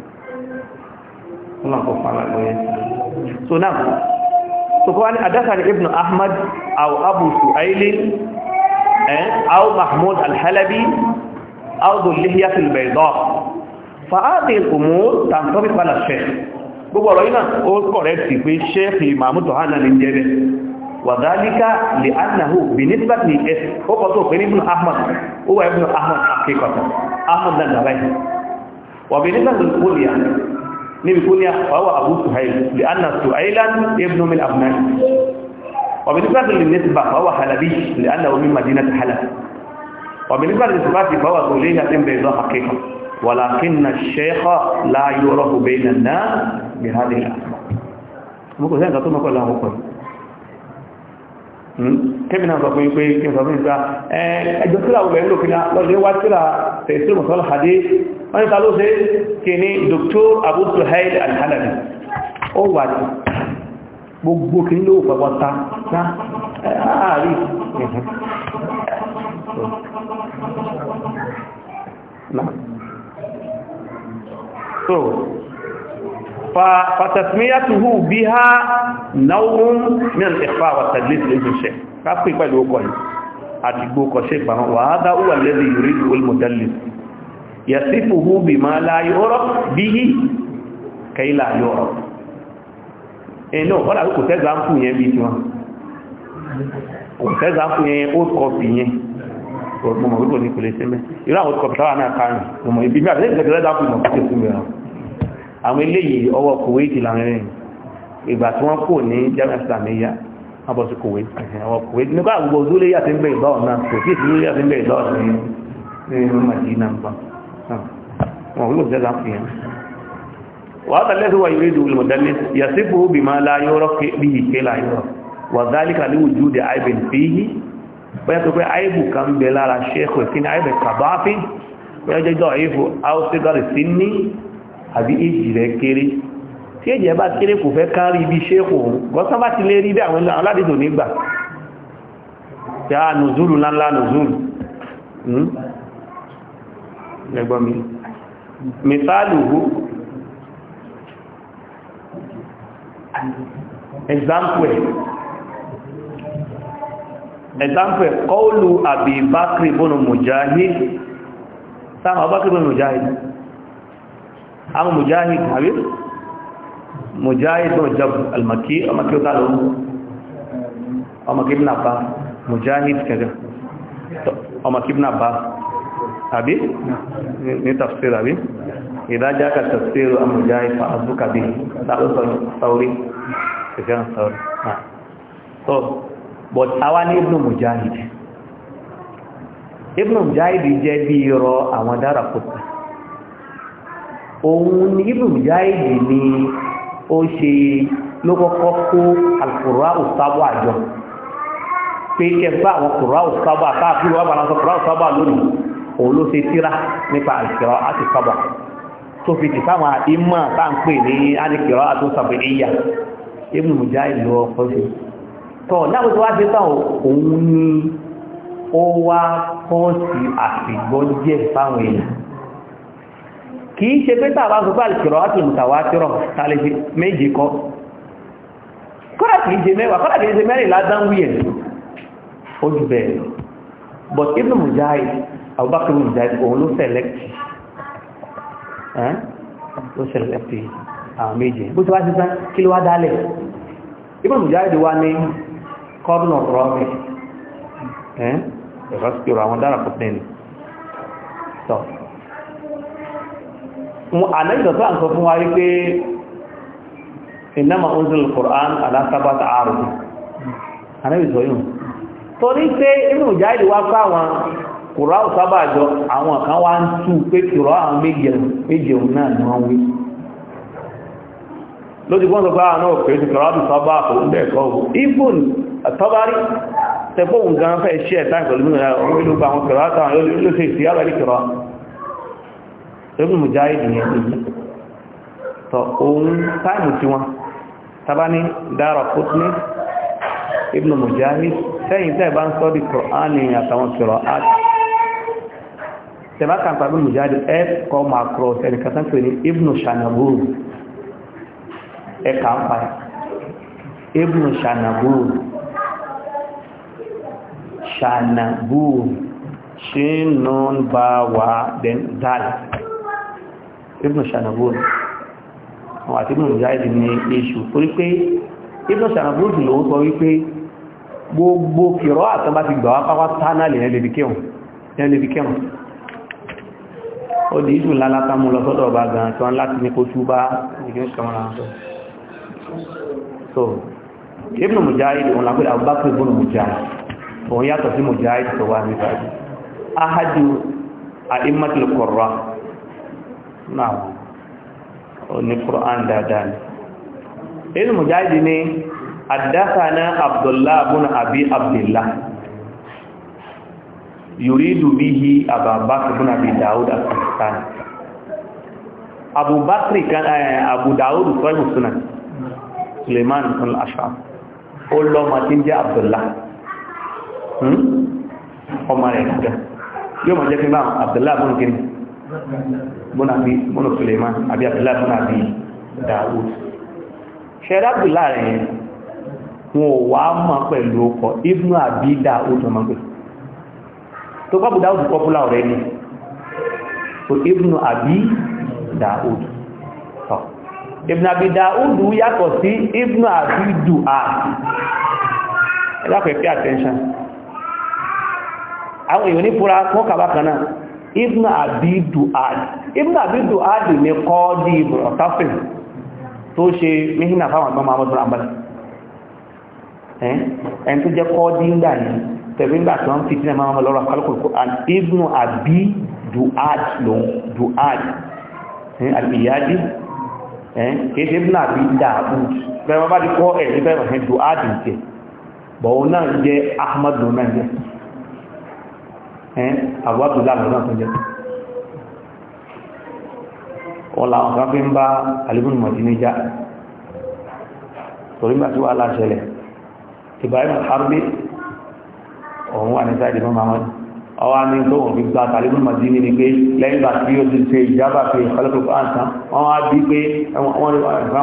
ọlọ́run kò fara lóye so now so kò wá ní adásàrí ibn ahmad aw abu suhaili eh aw mahmud alhalabi aw dùlíhíyà fi bẹ̀rẹ̀dọ́ fa'adì umur tàǹtọ́bí padà ṣe gbogbo ọ̀rọ̀ yìí náà ó kọ̀rẹ́tì pé ṣéèkì mahmud ọ̀hánà ní jẹ́rẹ̀ wàdálíkà lè ánàhù bí nísbàtí ẹ̀s ó kọ́ tó pé ní ibùn ahmad ó wà ibùn ahmad akẹ́kọ̀ọ́ ahmad náà dàbáyé wà bí nísbàtí ó lè níbi kó يا àwọ̀ Abu Suhail lè anna Suhailan ibn وبالنسبة للنسبة فهو حلبي لأنه من مدينة حلب وبالنسبة للنسبة فهو ذلية بيضاء حقيقة ولكن الشيخ لا يعرف بين الناس بهذه الأسماء ممكن زين قطوم أقول لهم Hmm? kẹ́mìnà sọ fún pé kí n sọ fún ìgbà ẹjọ́ sílà olè ń lò kíná lọ́dẹ̀ wá sílà tẹ̀sí mọ̀sánlá hadé wọ́n ta ló ṣe kí ní Dr. Abu Suhail al-Halabi ó wà ní gbogbo kí ní lówó pàpọ̀ta láàárín so fàtàtìmíyàtùhù bí ha náwọ́n mìíràn ẹ̀fà àwàtàdìlẹ́sì lẹ́gbẹ̀ṣẹ́ kápẹ́ pẹ̀lú ọkọ̀ yìí àti gbókọ̀ ṣe ìpàmọ́ wà á dá wà lẹ́lẹ́ ìrí olùmọ̀dálẹ̀ yàtífùhù bí máa láyé ọ̀rọ̀ bí i kẹ́ìlà yọ̀rọ̀ ẹ̀nà ọ̀rọ̀ kò tẹ́zàmù yẹn bí tiwọn kò tẹ́zàmù yẹn old copy yẹn ọgbọ̀n mọ̀ wípò ní kò lè àwọn old copy táwà náà kárùn-ún mọ̀ ibi mẹ́ àwọn eléyìí ọwọ́ kuwait láàrin ìgbà tí wọ́n kò ní jami'a islamiyya àbọ̀ sí kuwait ọwọ́ kuwait nígbà gbogbo zúléyà ti ń bẹ̀ ìdọ́ ọ̀nà kò sí zúléyà ti ń bẹ̀ ìdọ́ ọ̀nà ní madina ń bọ̀ wọn wíwọ̀ sí ẹ̀sán fìyàn la yọ́rọ́ bí ìké la yọ́rọ́ wà dálíkà ní ojú de àbí èjì rẹ̀ kéré tí èjì ẹ bá kéré kò fẹ́ kárí ibi ṣéèkù òun gọ́sán bá ti lè rí bí àwọn aládìdò nígbà tí a nùzúlù ńláńlá nùzúlù hmm? ẹgbọ́mí mìsáàlùhù example example kọ́ọ̀lù àbí bákìrì bónú mùjáhìd sáàmà bákìrì bónú mùjáhìd àwọn mujahid àbí mujahid náà jab almaki ọmọ kí ó tààlọ́ ọmọ kí ibùnà mujahid kẹjọ ọmọ kí ibùnà bá àbí ní tafsir àbí ìdájá ka tafsir ọmọ mujahid fa azuka bí tààlọ́ sọ́rí kẹjọ sọ́rí so but àwa ní ibùnà mujahid ibùnà mujahid jẹ́ bí rọ àwọn dára kúta òun ní ibùdó jáìdì ni ó ṣe ló kọ́kọ́ kó àkùrá òsábọ̀ àjọ pé kẹfà àwọn kùrá òsábọ̀ àtàkùrá wà bàlá sọ kùrá òsábọ̀ lónìí òun ló ṣe tíra nípa àìsíra àti sábọ̀ tó fi tì fáwọn ìmọ̀ tá ń pè ní àdìkìrọ̀ àtúnṣàbẹ̀ ìyà ibùdó jáìdì lọ ọkọ̀ ṣe tọ̀ láwùjọ wá ṣe tán òun ni ó wá kọ́ọ̀sì àfìgbọ́jẹ́ fáwọn èèyàn kìí ṣe pé tàbá sọpá alìkìrọ̀ àti mùtàwátírọ̀ tàlẹ́sì méjì kọ́ kọ́lá kìí ṣe mẹ́wàá kọ́lá kìí ṣe mẹ́rin ládán wíyẹ̀ ó but Ibn Mujahid Abubakar Mujahid òun ló select ló select àwọn méjì bó ti wá sí sán kí ló wá dálẹ̀ Ibn Mujahid wá ní kọ́bùnà rọ́ọ̀mì ẹ̀rọ sí ọ̀rọ̀ àwọn dára pọ̀ ànájìdọ̀ tó à ń sọ fún wa rí Qur'an alásábátà àrùn ànájìdọ̀ yìí tó ní pé inú ìjà wá fáwọn kùrá òsábàjọ àwọn kan wá ń tú pé kùrá méjèun náà ni wọ́n wí lójú gbọ́n tó bá àwọn òkè ti kùrá òsábà kò ń bẹ̀ẹ̀kọ́ ibn mujahid yẹn èyí tọ òun táìmù tí wọn tábà ní dára kútní ibn mujahid sẹ́yìn tẹ́ bá ń sọ di kùránì àtàwọn kìrọ̀ áti tẹ́bá kàǹtà ibn mujahid ẹ kọ́ máa kúrọ̀ ẹnì kàtà pé ní ibn shanabur ẹ kà ń pa ibn shanabur shanabur ibn shanabur àwọn àti ibn zaid ní iṣu torí pé ibn shanabur ló ń sọ wípé gbogbo kìrọ àtàn bá ti gbà wá pápá tánà lè lè fi kẹrùn ó di iṣu ńlá látàmú lọ sọ́dọ̀ ọba gan tó ń láti ní kó túbá ìgbésẹ̀ kọmọra sọ so òun yàtọ̀ sí mujahid tó nípa ahadu a'immatul qurra náà oní Qur'an dáadáa ni inú mujahid ni àdáfàná abdullah abúna àbí abdullah yuridu bihi abubakar abúna àbí daud afghanistan abubakar kan eh, abu daud sọ́yìn sunan suleiman al-ashar ó lọ́mọ tí ń jẹ́ abdullah hmm? ọmọ rẹ̀ gẹ́gẹ́ yóò mọ̀ jẹ́ fíbá abdullah abúna kìnnì bọ́nàbí bọ́nà Suleiman àbí àbílá bọ́nàbí Dawud ṣẹ̀rẹ́ àbílá rẹ̀ wọn ò wá mọ̀ pẹ̀lú ọkọ̀ ibnu àbí Dawud ọmọ pẹ̀lú tó pàbù Dawud pọ́pùlà ọ̀rẹ́ ni so ibnu àbí Dawud sọ ibnu àbí Dawud yàtọ̀ sí ibnu àbí dùá ẹ̀dá pẹ̀ pay attention àwọn èèyàn ní fura wọ́n kàbá kan ibn Abidu Adi, ibn Abidu Adi ni qadi mu'tasim tó ṣe mihina fáwọn ọmọ mahmud rambal ẹn tó jẹ́ qadi ń dà ní tẹ̀bí ń gbà tí wọ́n fi tí ẹmọ ọmọ lọ́rọ̀ kálùkù quran ibn abi duad ló duad al-iyadi kìí ṣe ibn Abidu Adi, bẹ́ẹ̀ bá ti kọ́ ẹ̀ nípa ẹ̀mọ̀ duad ń jẹ́ bọ̀wọ́ náà jẹ́ ahmadu àbú abdullahi lọ́nà tó jẹ́ ọ̀la ọ̀kan fi ń bá alìbùn mọ̀dínì já torí gbà tí wà láṣẹlẹ̀ ibrahim harbi òun wà ní sáàdì fún mamadu ọwá ní tó wọ́n fi gba alìbùn mọ̀dínì ní pé lẹ́yìn bá tí ó ti ṣe ìjábà pé ìfẹ́lẹ́pẹ̀pẹ̀ àǹtán wọ́n wá bí pé wọ́n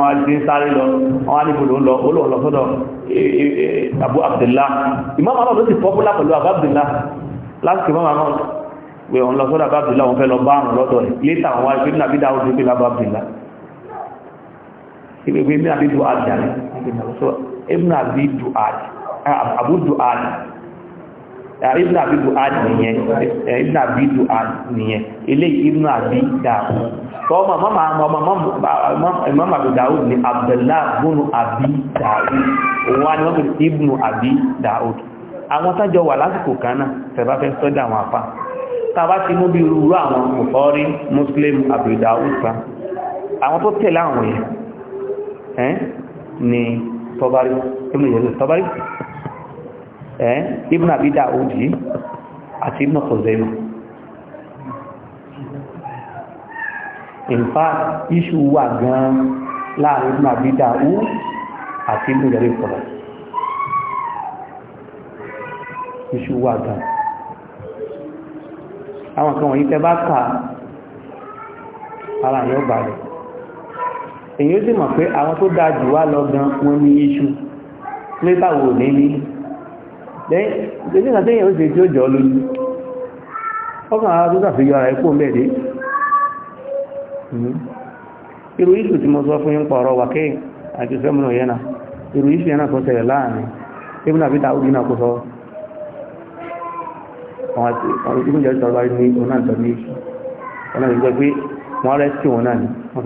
wá sí sáré lọ wọ́n wá ní bòlò e, e, e, abu abdullahi imam alọ́ ló ti abu abdullahi lásìkò mọ́mà náà pé òun lọ sọ́dọ̀ abábìlá òun fẹ́ lọ bá àrùn lọ́dọ̀ rẹ̀ létà àwọn arìnrìn nàbí dáwọ́ sí pé lábábìlá ìgbègbè ní àbídù àjà rẹ̀ ibn àbídù àjà àbúdù àjà ibn àbídù àjà nìyẹn ibn àbídù àjà nìyẹn ilé ibn àbí dáwọ́ tọ́mọ mọ́mà àbí dáwọ́ ni abdullahi bùnú àbí dáwọ́ àwọn tájọ wà lásìkò kan náà tẹ̀bá fẹ́ sọ́dá àwọn apá tàbá ti mú bí rúrú àwọn mùfọ́rí muslim àbúdá ọ̀sán àwọn tó tẹ̀lé àwọn yẹn ni tọ́bárí ibn yẹ̀lẹ̀ tọ́bárí ibn àbídá òjì àti ibn kọ̀zẹ́mù in fact iṣu wà gan láàrin ibn àbídá òjì àti ibn yẹ̀lẹ̀ tọ́bárí iṣu wà gan àwọn kan wọ̀nyí tẹ bá kà ara yóò balẹ̀ èyí ó sì mọ̀ pé àwọn tó dáa jù wá lọ gan wọn ní iṣu pé ní ní lẹ́yìn lẹ́yìn náà ó tí ó jọ ọkàn ara tó ṣàfihàn ara hmm. ikú mẹ́ẹ̀dẹ́ mo sọ fún yín pọ̀ wà kéyìn àti yẹn náà irú iṣu yẹn náà tó ṣẹlẹ̀ láàrin ibùdó àbí àwọn àti ìgbìmọ̀ ìjọba ìjọba ní ọ̀nà ìjọ méjì ọ̀nà ìjọ pé wọ́n rẹ́sì wọn náà ni wọ́n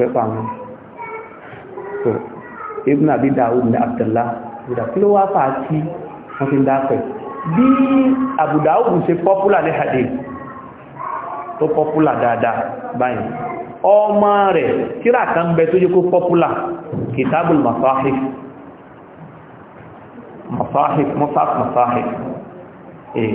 fẹ́ abi dawud ní abdullah ìgbà kí ló wá fà á abu dawud ṣe pọ́pùlà ní hadith tó pọ́pùlà dáadáa báyìí ọmọ rẹ̀ tírà kan bẹ tó jẹ́ kó pọ́pùlà kitabul masahif masahif musaf masahif eh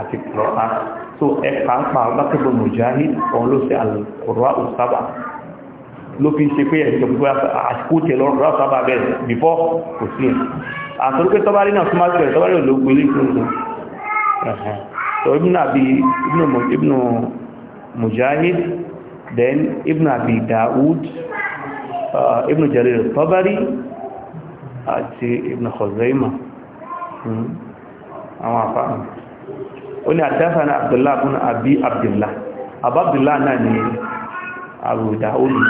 àti kùrọ̀á so ẹ̀ka ń pa ọlákẹ́gbọ̀n mujahid òun ló sí alùkùrọ̀á òsábà ló fi ṣe pé ẹ̀sọ́ gbogbo àṣíkò tẹ̀ lọ rọ́ sábà bẹ̀rẹ̀ bífọ́ kò sí ẹ̀ àtọ́lùkẹ́ tọ́bárí so ibn abi ibn mujahid then ibn abi daud uh, ibn jarir tọ́bárí àti ibn khuzaimah hmm. àwọn àfáà ó ní àdáfàánà abdullá fún àbí abdullá àbá abdullá náà ni àrùdà olù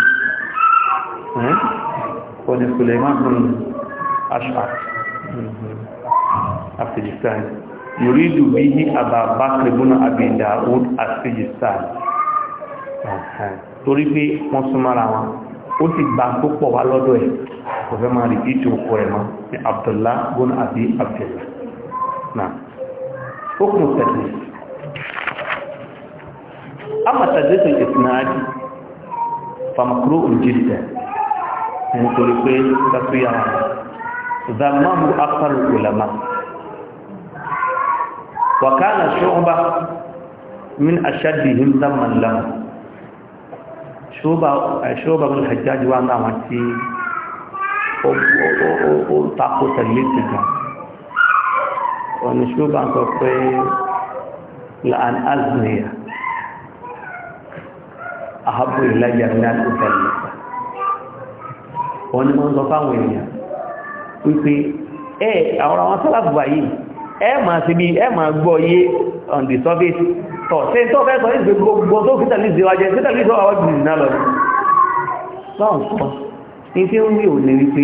ó ní suleiman fún ashar hmm. afghanistan yuridu bihi ababakar fún àbí daud afghanistan torí pé wọ́n súnmọ́ra wọn ó sì gba púpọ̀ wá lọ́dọ̀ ẹ̀ kò fẹ́ máa rí ìtò ọkọ̀ ẹ̀ mọ́ ní abdullá fún àbí abdullá náà حكم التدليس أما تدليس الإسناد فمكروه جدا مطلقين تسوية ذمه أكثر العلماء وكان شعبة من أشدهم ذما له شعبة شعبة بن الحجاج وأنا وانتي وتاخذ تدليس الجامعة ọ̀nà ṣúgbà sọ pé la'an azniya ahabu ìlàjà ní àtúntàlẹ̀ wọ́n ni wọ́n sọ fáwọn èèyàn wípé ẹ àwọn àwọn sálàbùwà yìí ẹ máa sí bí ẹ máa gbọ́ yé on the surface tọ̀ ṣe tó fẹ́ sọ ìgbé gbogbo tó fítàlì ìzẹ́wà jẹ́ fítàlì ìzẹ́wà wọ́n jù náà lọ báwọn sọ ní tí ó ń rí òní wípé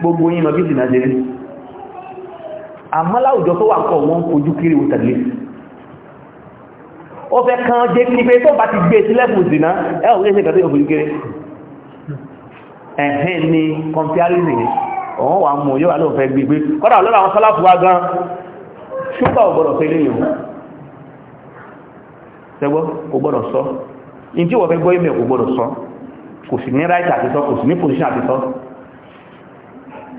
gbogbo yín àmọ́ láwùjọ tó wà kọ̀ wọ́n ń fojú kiri wò tẹ̀lé ó fẹ́ kan jẹ́ kí pé tó bá ti gbé sílẹ̀kùn ìdìnà ẹ̀ ò léṣe kàtó ìfojú kiri ẹ̀hìn ni comparison ọ̀hún wà mú yóò wà ló fẹ́ gbígbé kọ́dà lọ́dà àwọn sọ́lá fún wa gan ṣúgbà ò gbọ́dọ̀ fẹ́ léyìn ṣẹgbọ́ kò gbọ́dọ̀ sọ in tí wọ́n fẹ́ gbọ́ ìmẹ̀ kò gbọ́dọ̀ sọ kò sì ní right àti sọ kò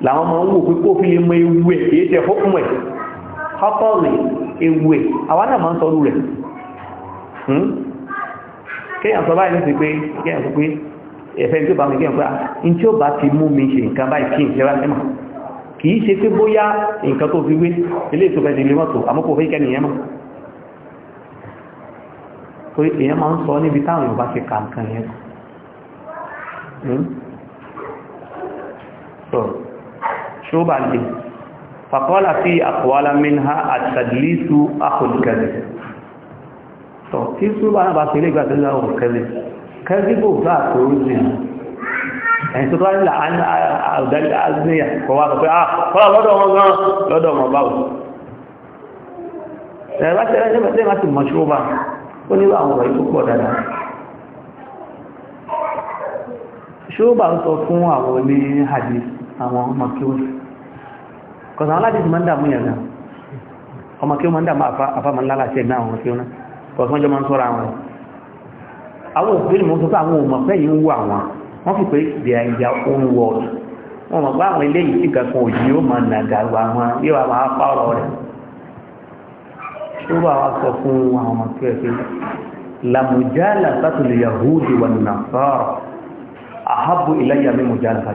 làwọn máa ń wò pé kó fi lè mọ ewu ẹ̀ èyí tẹ̀ fókùn ẹ̀ họ́tọ́ọ̀lì ewu ẹ̀ àwa náà máa ń sọrú rẹ̀ hmm? kéèyàn sọ báyìí nítorí pé kéèyàn sọ pé ẹ̀fẹ́ tí ó bá mi kéèyàn pé à ah, ń tí ó bá ti mú mi ṣe nǹkan báyìí kí n ṣe báyìí mà kì í ṣe pé bóyá nǹkan tó fi wé ilé ìtòkẹ́ ṣóbà lè fàkọ́lá sí àkọwàlá mínà àtàdìlísù àkọlùkẹ́lẹ̀ tọ̀ tí ṣóbà náà bá ṣe ilé ìgbàtẹ́lẹ̀ àkọlùkẹ́lẹ̀ kẹ́síbò bá àkọrúzìn ẹni tó tọ́lá àdàlẹ̀ àzníyà kọwà sọ pé ah kọ́lá lọ́dọ̀ wọn gan lọ́dọ̀ wọn báwò ẹ̀rọ ṣe rẹ̀ ṣe láti mọ̀ ṣóbà ó nílò àwọn ọ̀rọ̀ ikú pọ̀ dáadáa ń sọ fún àwọn oní hadith àwọn ọmọ kí ó sì kọ̀sà àwọn aláàdìsì máa ń dàmú yẹn náà ọmọ kí ó máa ń dàmú àfáàmà ńlá láti ẹ̀gbẹ́ àwọn tí ó náà kọ̀sán jọ máa ń sọ́ra wọn àwọn òfin mọ́ sọ pé àwọn òmọ̀ pẹ́ yìí ń wọ àwọn wọ́n fi pé their india own world wọ́n mọ̀ pé àwọn eléyìí tí kankan òjì yóò máa nà gàgbà wọn yóò máa pa ọ̀rọ̀ rẹ̀ tó bá wa sọ fún àwọn ọmọ tó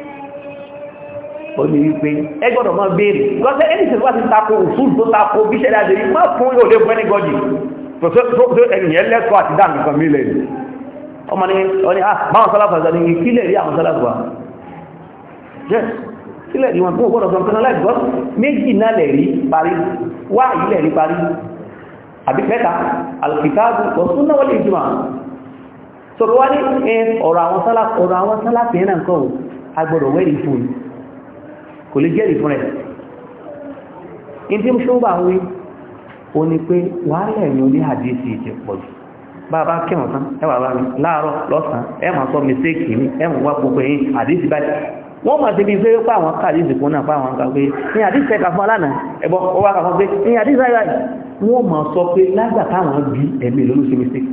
ó ní wípé ẹ gbọ́dọ̀ máa béèrè lọ́sẹ̀ ẹni tí wọ́n ti tako òfin tó tako bí ṣẹlẹ̀ àdéhì má fún yóò lé fún ẹnìgọ́jì tó ẹnìyẹn lẹ́tọ́ àti dáàmì kan mí lẹ́nu ọmọ ni ọ ni ah báwọn sálàfà sọ ni kílẹ̀ rí àwọn sálàfà yes kílẹ̀ rí wọn tó gbọ́dọ̀ sọ nǹkan náà lẹ́gbọ́ méjì náà lẹ̀ rí parí wá ilẹ̀ rí parí àbí mẹ́ta alkitabu wa sunna wal ijma sọ̀rọ̀ wá ní eh, ọ̀rọ̀ àwọn sálàfà yẹn náà nǹkan agbọ́dọ̀ wẹ́rí fún un kò lè jẹ́rìí fún rẹ̀ ìdí ṣúgbà wí o ni pé wàhálẹ̀ ni oní àdíṣì ìjẹ pọ̀ jù bàbá kẹwọn tán ẹwà bá mi láàárọ̀ lọ́sàn ẹmà sọ mistake mi ẹmà wá gbogbo yìí àdíṣì báyìí wọ́n mọ̀ sí bí pé pa àwọn kàdíṣì fún náà pa àwọn nǹkan pé ní àdíṣì ẹ̀ka fún alánà ẹ̀bọ ó wá kà fún pé ní àdíṣì ayọ̀ wọ́n mọ̀ sọ pé lágbà táwọn bí ẹ̀mí ló ló ṣe mistake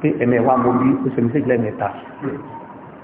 pé ẹ̀mẹ̀ wa mo bí ó ṣe mistake lẹ́mẹ̀ta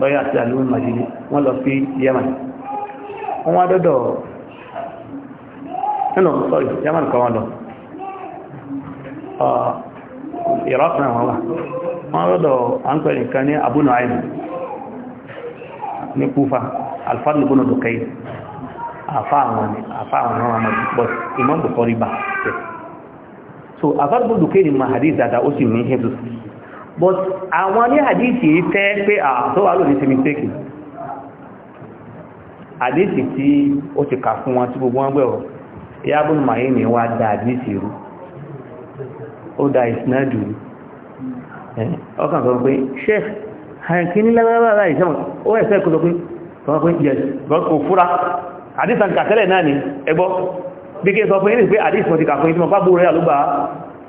bọ́yá àti àlúwìn màdínì wọ́n lọ sí yemen wọ́n wá dọ́dọ̀ sorry yemen kọ́ wọn lọ ah, iraq wọ́n wà wọ́n dọ́dọ̀ àǹkọ́ nìkan ní abúnà àìmù ní kúfà alfadlu dùkẹ́ so dukai ni but àwọn ní àdíìsì yìí tẹ́ pé àtó ah, wà lórí ti mistake àdíìsì tí ó ti kà fún wọn tí gbogbo wọn gbẹ̀rọ ìyábùn màáyé ni wá da àdíìsì rú ó da ìsinádù rú ọkàn sọ pé chef hankí ní lábábára ìṣẹ́mọ̀ ó ẹ̀fẹ́ kó sọ pé sọ pé yes but kò fúra àdíìsì àǹkàtẹ́lẹ̀ náà ni ẹgbọ́ bí kí sọ pé ní pé àdíìsì wọn ti kà fún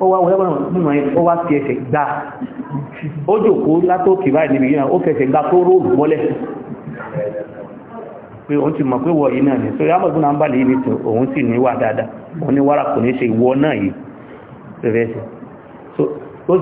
ó wá wọ́n fi ẹsẹ̀ gbá ó jòkó látòkè báyìí níbi yìí náà ó fẹsẹ̀ gbá tó róòlù mọ́lẹ̀ pé òun ti mọ̀ pé ni so ya náà ń bà lè yìí nìtò òun sì ní dáadáa òun ní wàrà kò ní ṣe ìwọ náà so lọ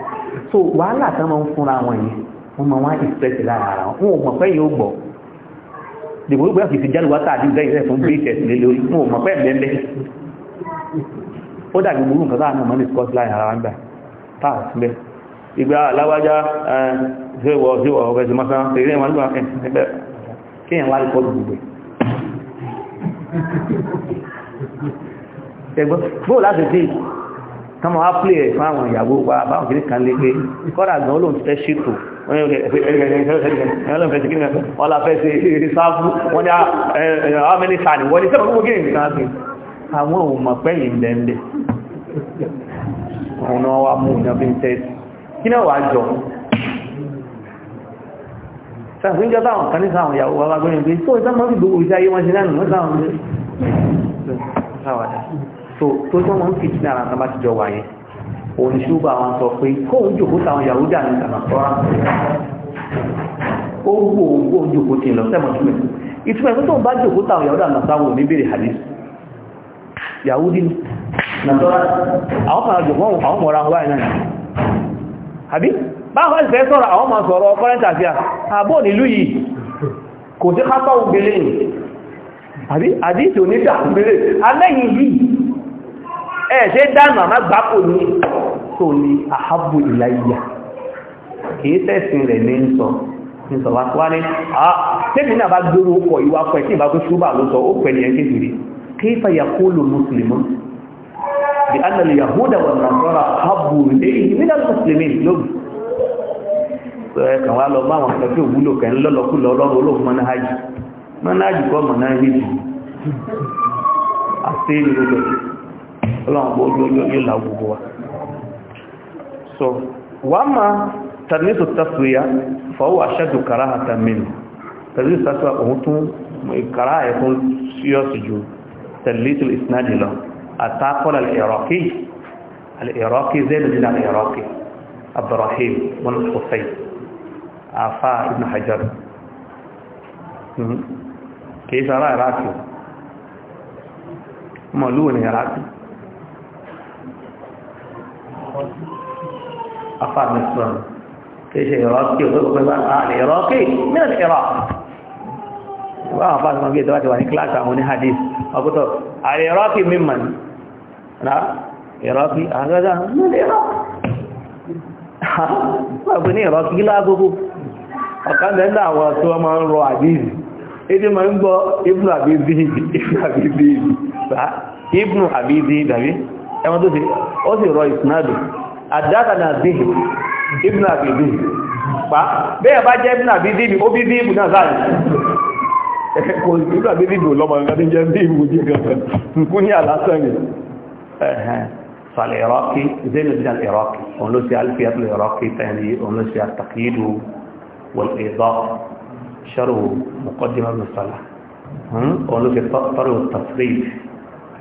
so wàhálà tán máa ń fúnra wọn yìí wọ́n máa wá ìfẹ́sì lára ara wọn ò mọ̀ pé yóò gbọ́ dìbò gbogbo àti ìsìn jáde wáta àdìgbẹ́ ìrẹ́ fún bí ìṣẹ̀sì lé lórí wọn ò mọ̀ pé ẹ̀mẹ́lẹ́ ó dàbí gbogbo nǹkan láàrin ọmọ ní scott line ara ń gbà táà sílẹ̀ ìgbà aláwájá ṣéwọ̀ eh, ṣéwọ̀ ọ̀rẹ́ ti mọ́sán eré wọn nígbà eh, ẹgbẹ́ kéèyàn wá rí kọ́ọ̀dù gbogbo ẹgbọ́ bóò láti dé kọmọ wá pílẹ̀ ẹ̀ fún àwọn ìyàwó wa báwọn kìí kan lé pé kọ́dà gan olóhùn ti fẹ́ ṣètò wọ́n la fẹ́ ṣe ìrísáfú wọ́n ní àmìlì sàní wọ́n ní sẹ́wọ́n gbogbo nǹkan sí àwọn òun mọ̀ pẹ́ yìí lẹ́ndẹ̀ òun náà wá mú ìyàn fi ń tẹ́ kí náà wà jọ sàfíjọ́ táwọn kan ní sáwọn so tó tó wọ́n ń fìtí náà tán bá ti jọ wà yẹn òun ni ṣúgbà wọn sọ pé kóun jòkó táwọn Yahuda ní ìtànàtọ́ra ó gbò ó jòkó tí lọ sẹ́mọ̀ túnmẹ̀ ìtumẹ̀ tó tóun bá jòkó táwọn Yahuda nàtàwọn ní bèèrè hadith Yahudi nàtọ́ra àwọn kan jòkó àwọn mọ̀ra wọn báyìí náà àbí báwọn ìfẹ́ sọ̀rọ̀ àwọn máa sọ̀rọ̀ kọ́rẹ́ntà sí àbọ̀ nílùú yìí kò sí kápá ògbélé àbí àdíṣò nígbà ògbélé alẹ́yìn yìí ẹ̀ ṣe dánù àmá gbápò ní tó ní àhábù ìlàyà kìí tẹ́sìn rẹ̀ ní sọ ní sọ wá wá ní àá tẹ́mi náà bá gbérò ọkọ̀ ìwà pẹ̀ tí ìbákú ṣúbà ló sọ ó pẹ̀ ní ẹgbẹ́ ìrì kí fàyà kó lò mùsùlùmí bí a nàlè ìlú ọlọ́run bó yóò là gbogbo wa so wà má tàbílẹ̀tò taswiya fọwọ́ aṣẹ́dù kàrá àtàmìlì tàbílẹ̀tò taswiya òun tún kàrá ẹ̀kún síọ́sì ju tàbílẹ̀tò isnadi lọ àtàkọ́ al-iraqi al-iraqi zainadin al-iraqi abdurrahim wọn hussein afa ibn hajar hmm? kìí sára iraqi mọ̀lúwò ní iraqi أخاف من اسمه كيش عراقي العراقي من العراق wọ́n bá sọ pé ìtọ́wàtí wà ní kíláàsì àwọn ní hadith ọkútọ̀ ààrẹ iraqi mímọ̀n na iraqi àgbàdà nílẹ̀ iraqi wọ́n ní iraqi lágbogbo ọ̀kan lẹ́ndà àwọn tó ma ń rọ àdízi èdè ma ń gbọ́ ibnu àbízi ibnu àbízi ẹwọ́n tó ti ó sì rọ ìsìnàdù àdátàdà dìhì ibn abi dìhì pa bẹ́ẹ̀ bá jẹ́ ibn abi dìhì ó bí dìhì náà sáàrì kò ibn abi dìhì lọ́mọ nǹkan tí jẹ́ dìhì mú jẹ́ gan fún ní àlásán ni فالعراقي زين الدين العراقي ونسي الفيات العراقي ثاني ونسي التقييد والإيضاح شره مقدمة ابن صلاح ونسي طرق التصريف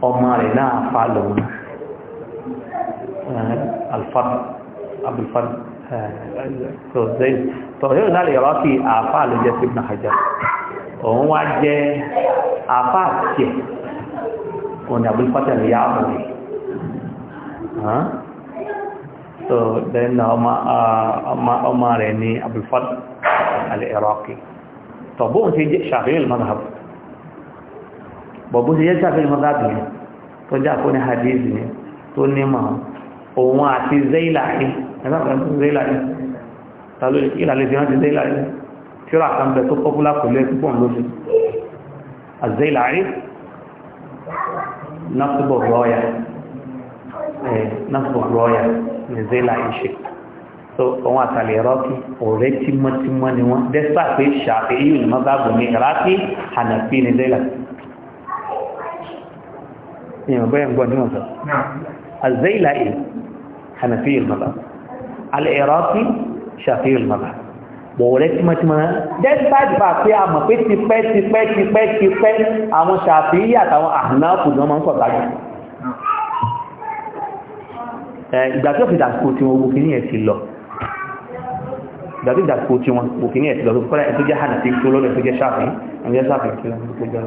وما لنا فعلونا alfad abulfad sọ̀zẹ́yìn sọ̀zẹ́yìn náà lè yọ̀rọ̀ sí àáfà ló jẹ́ sí ibùdó àjọ òun wá jẹ́ àáfà tiẹ̀ òun ni so then ọmọ ọmọ ọmọ rẹ̀ ni abulfad al-iraqi tọ̀bọ́n ti jẹ́ ṣàfihàn mazhab bọ̀bọ́n ti jẹ́ ṣàfihàn mazhab yẹn tó jẹ́ àkóní hadith ni tó ní màá òun àti zailari tíra kan bẹ tó pọ́pùlá kò lẹ́ púpọ̀ lóṣù àzẹ́làrí násùbọ̀ rọ́ọ̀yà násùbọ̀ rọ́ọ̀yà ní zẹ́làrí ṣe so ọwọ́n àtàlẹ̀ rọ́kí ọ̀rẹ́ tímọ́tímọ́ ni wọ́n dẹ́sà pé ṣàfẹ́ yìí ni mọ́bàbù ní rákí hànàfí ní zẹ́làrí الزيلائي حنفي المذهب العراقي شافعي المذهب bọ̀wọ̀lẹ́ tí mọ́tímọ́ despite bá pé a mọ̀ pé ti pẹ́ ti pẹ́ ti pẹ́ ti pẹ́ àwọn ṣàfihí àtàwọn àhùnáàkù ní wọ́n máa ń sọ̀tàjù ìgbà tí ó fi dàkó tí wọ́n gbókí ní ẹ̀ ti lọ ìgbà tí dàkó tí wọ́n gbókí ní ẹ̀ ti lọ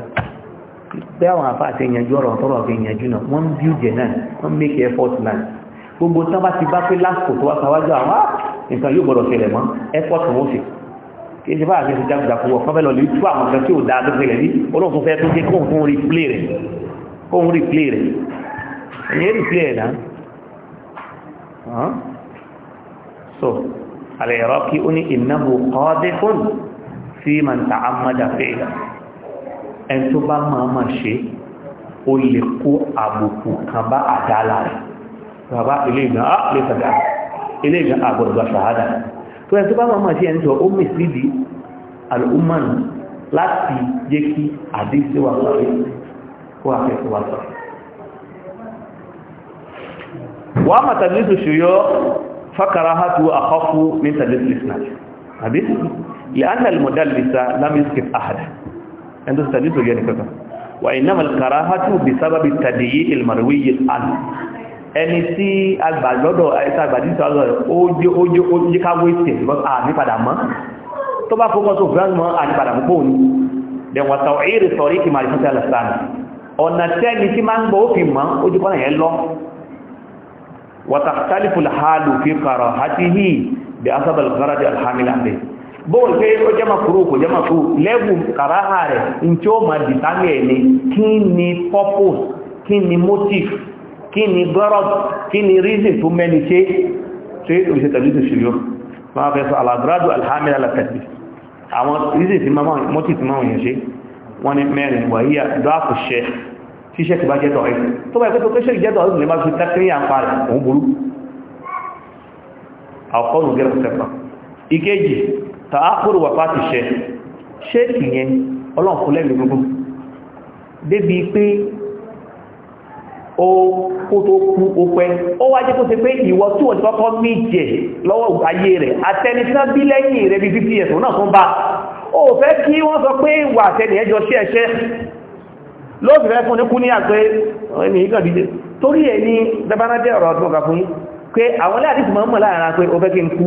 pé àwọn àfa àti ìyànjú ọ̀rọ̀ tọrọ fi ìyànjú náà wọ́n ń bíú jẹ náà wọ́n ń make effort náà gbogbo tán bá ti bá pé lásìkò tó wá sáwájú àwọn ah, nǹkan yóò gbọdọ̀ ṣẹlẹ̀ mọ́ effort wọn fi kí ṣe bá àti ṣe jágùjà fún wọn fọ́fẹ́ lọ lè tú àwọn nǹkan tí ò dáa tó ṣẹlẹ̀ rí olóòtú fẹ́ tó jẹ́ kóhun fún replay rẹ̀ kóhun replay rẹ̀ ẹ̀yìn replay rẹ̀ náà so alẹ́ ìrọ́kí ó ní ìnáwó ọ́dẹ́fóònù sí màǹtà àmàdà fẹ́ẹ̀lá ẹni tó bá máa máa ṣe ó lè kó àbùkù kan bá àdáàlà rẹ̀ bàbá ilé ìgbà á lè fẹ̀dà ilé ìgbà àgbọ̀dọ̀ bá ṣàhádà tó ẹni tó bá máa máa ṣe ẹni tó ó mì sídìí alùmọ́n láti jẹ́ kí àdíṣe wà sọ̀rọ̀ kó àfẹ́kọ̀ wà sọ̀rọ̀ wà á màtàbí tó ṣòyọ́ fákàrà á tó àkọ́kú ní tàbí ìsìnàjì àbí لأن المدلس لم يسكت أحدا ẹni tó sàdí tó yẹ ní kankan wà innama al-karahatu bi sababi tàdíyí ìlmàrúwí àn ẹni tí agbàlọ́dọ̀ ẹ̀ta agbàdísọ́ ó jẹ́ káwé tẹ̀ lọ́ta nípadà mọ́ tó bá fọ́kọ́ tó ojú kọ́nà làhálù fi kàrọ̀ àti hì bí asábàlùkọ́rọ̀ di alhamilá bẹ́ẹ̀ bóòlù pé ó jẹ́ màkúrò kò jẹ́ màkúrò lẹ́bù kàráhà rẹ̀ ní tí ó máa dìtámì ẹ̀ ni kí ni purpose kí ni motive kí ni gọ́rọ̀ kí ni reason tó mẹ́ni ṣe ṣe òṣìṣẹ́ tẹ̀lú tó ṣùgbọ́n máa fẹ́ sọ alágbádù alhamid alatẹ́bí àwọn reason tí motive tí máa wọ̀nyẹ̀ ṣe wọ́n ni mẹ́rin wàíyà dáàfù ṣẹ́ tí ṣẹ́ ti bá jẹ́tọ̀ ẹ̀ tó bá ẹ̀kọ́ tó kẹ́ ìkéjì tààkùrù wàfá ti ṣẹ ṣéèkì yẹn ọlọ́nkúnlẹ̀lẹ̀ gbogbo débi pé ó kó tó kú ó pẹ́ ó wá jẹ́ kó ṣe pé ìwọ tí wọ́n ti kọ́kọ́ méjì lọ́wọ́ ayé rẹ̀ àtẹnisán bí lẹ́yìn rẹ̀ bí fífí ẹ̀sùn náà tún bá ó fẹ́ kí wọ́n sọ pé wà àtẹnìyàn jọ sí ẹ̀ṣẹ́ lóòfẹ́ fún ní kú ní àgbẹ́ ẹni ìgbàdíje torí ẹ̀ ní ọ̀rọ̀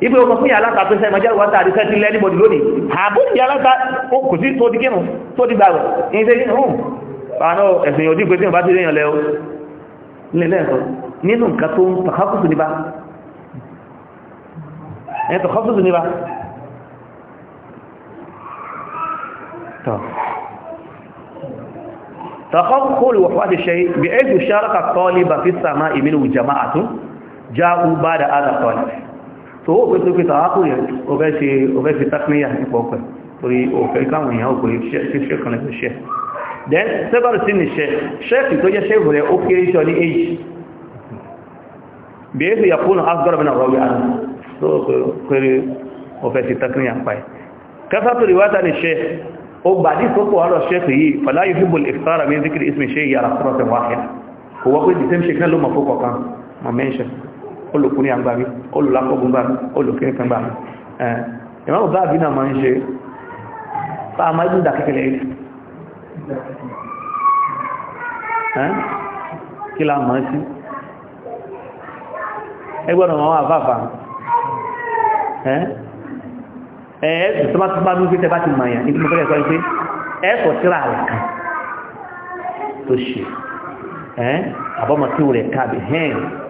ibi ọmọ fún yàrá ta pèsè ìmọ̀jẹ́ ìwọ́n tàbí sẹ́tì lẹ́ni bọ̀dì lónìí àbú yàrá ta kò sí tó di kírun tó di gbàwẹ̀ ní ṣe yìí rùn àánú ẹ̀sìn yóò dípé tí wọ́n bá ti ríyàn lẹ́ọ́ lẹ́lẹ́ẹ̀kọ́ nínú nǹkan tó ń tàkàkùsù níbà في السماء منه جماعة جاءوا بعد هذا الطالب tó ó pẹ́ tó pẹ́ tàwákù yẹn ó fẹ́ ṣe tákníyà nípa ọpẹ́ torí òfẹ́ káwọn èèyàn òpè ṣe ṣe kan lẹ́gbẹ̀ẹ́ ṣe then several sin ṣe ṣẹ́ẹ̀kì tó jẹ́ ṣẹ́ẹ̀kì rẹ̀ ó kéré ṣọ ní age bí i ṣe yàkúnù asgọ́rọ̀ mìíràn rọ̀wí àná tó pẹ̀rẹ̀ òfẹ́ ṣe tákníyà páì kásátò ríwátà ní ṣe ó gbàdí tó pọ̀ ọ̀rọ̀ ṣẹ́ẹ̀kì yìí fàláyé fíbùl ìfàrà mi zikiri ismi ṣe yàrá fúrọ̀tẹ̀ wáhìá kò wọ́pẹ́ ìdí tẹ́ olùkúnrin àgbàmí olùlápọ̀gùn bá mi olùkúnrin kan bá mi ìmọ̀ bá àbí náà máa ń ṣe bá a máa ń dà kékeré rí kí la máa sí ẹgbọ́n àwọn àfáàfà ẹ̀ẹ́ tó bá tó bá ní pé tẹ bá ti màyàn ní mo fẹ́ ẹ̀kọ́ pé ẹ̀ẹ́kọ̀ tíra rẹ̀ kan tó ṣe àbọ́mọ̀ tí ó rẹ̀ káàbì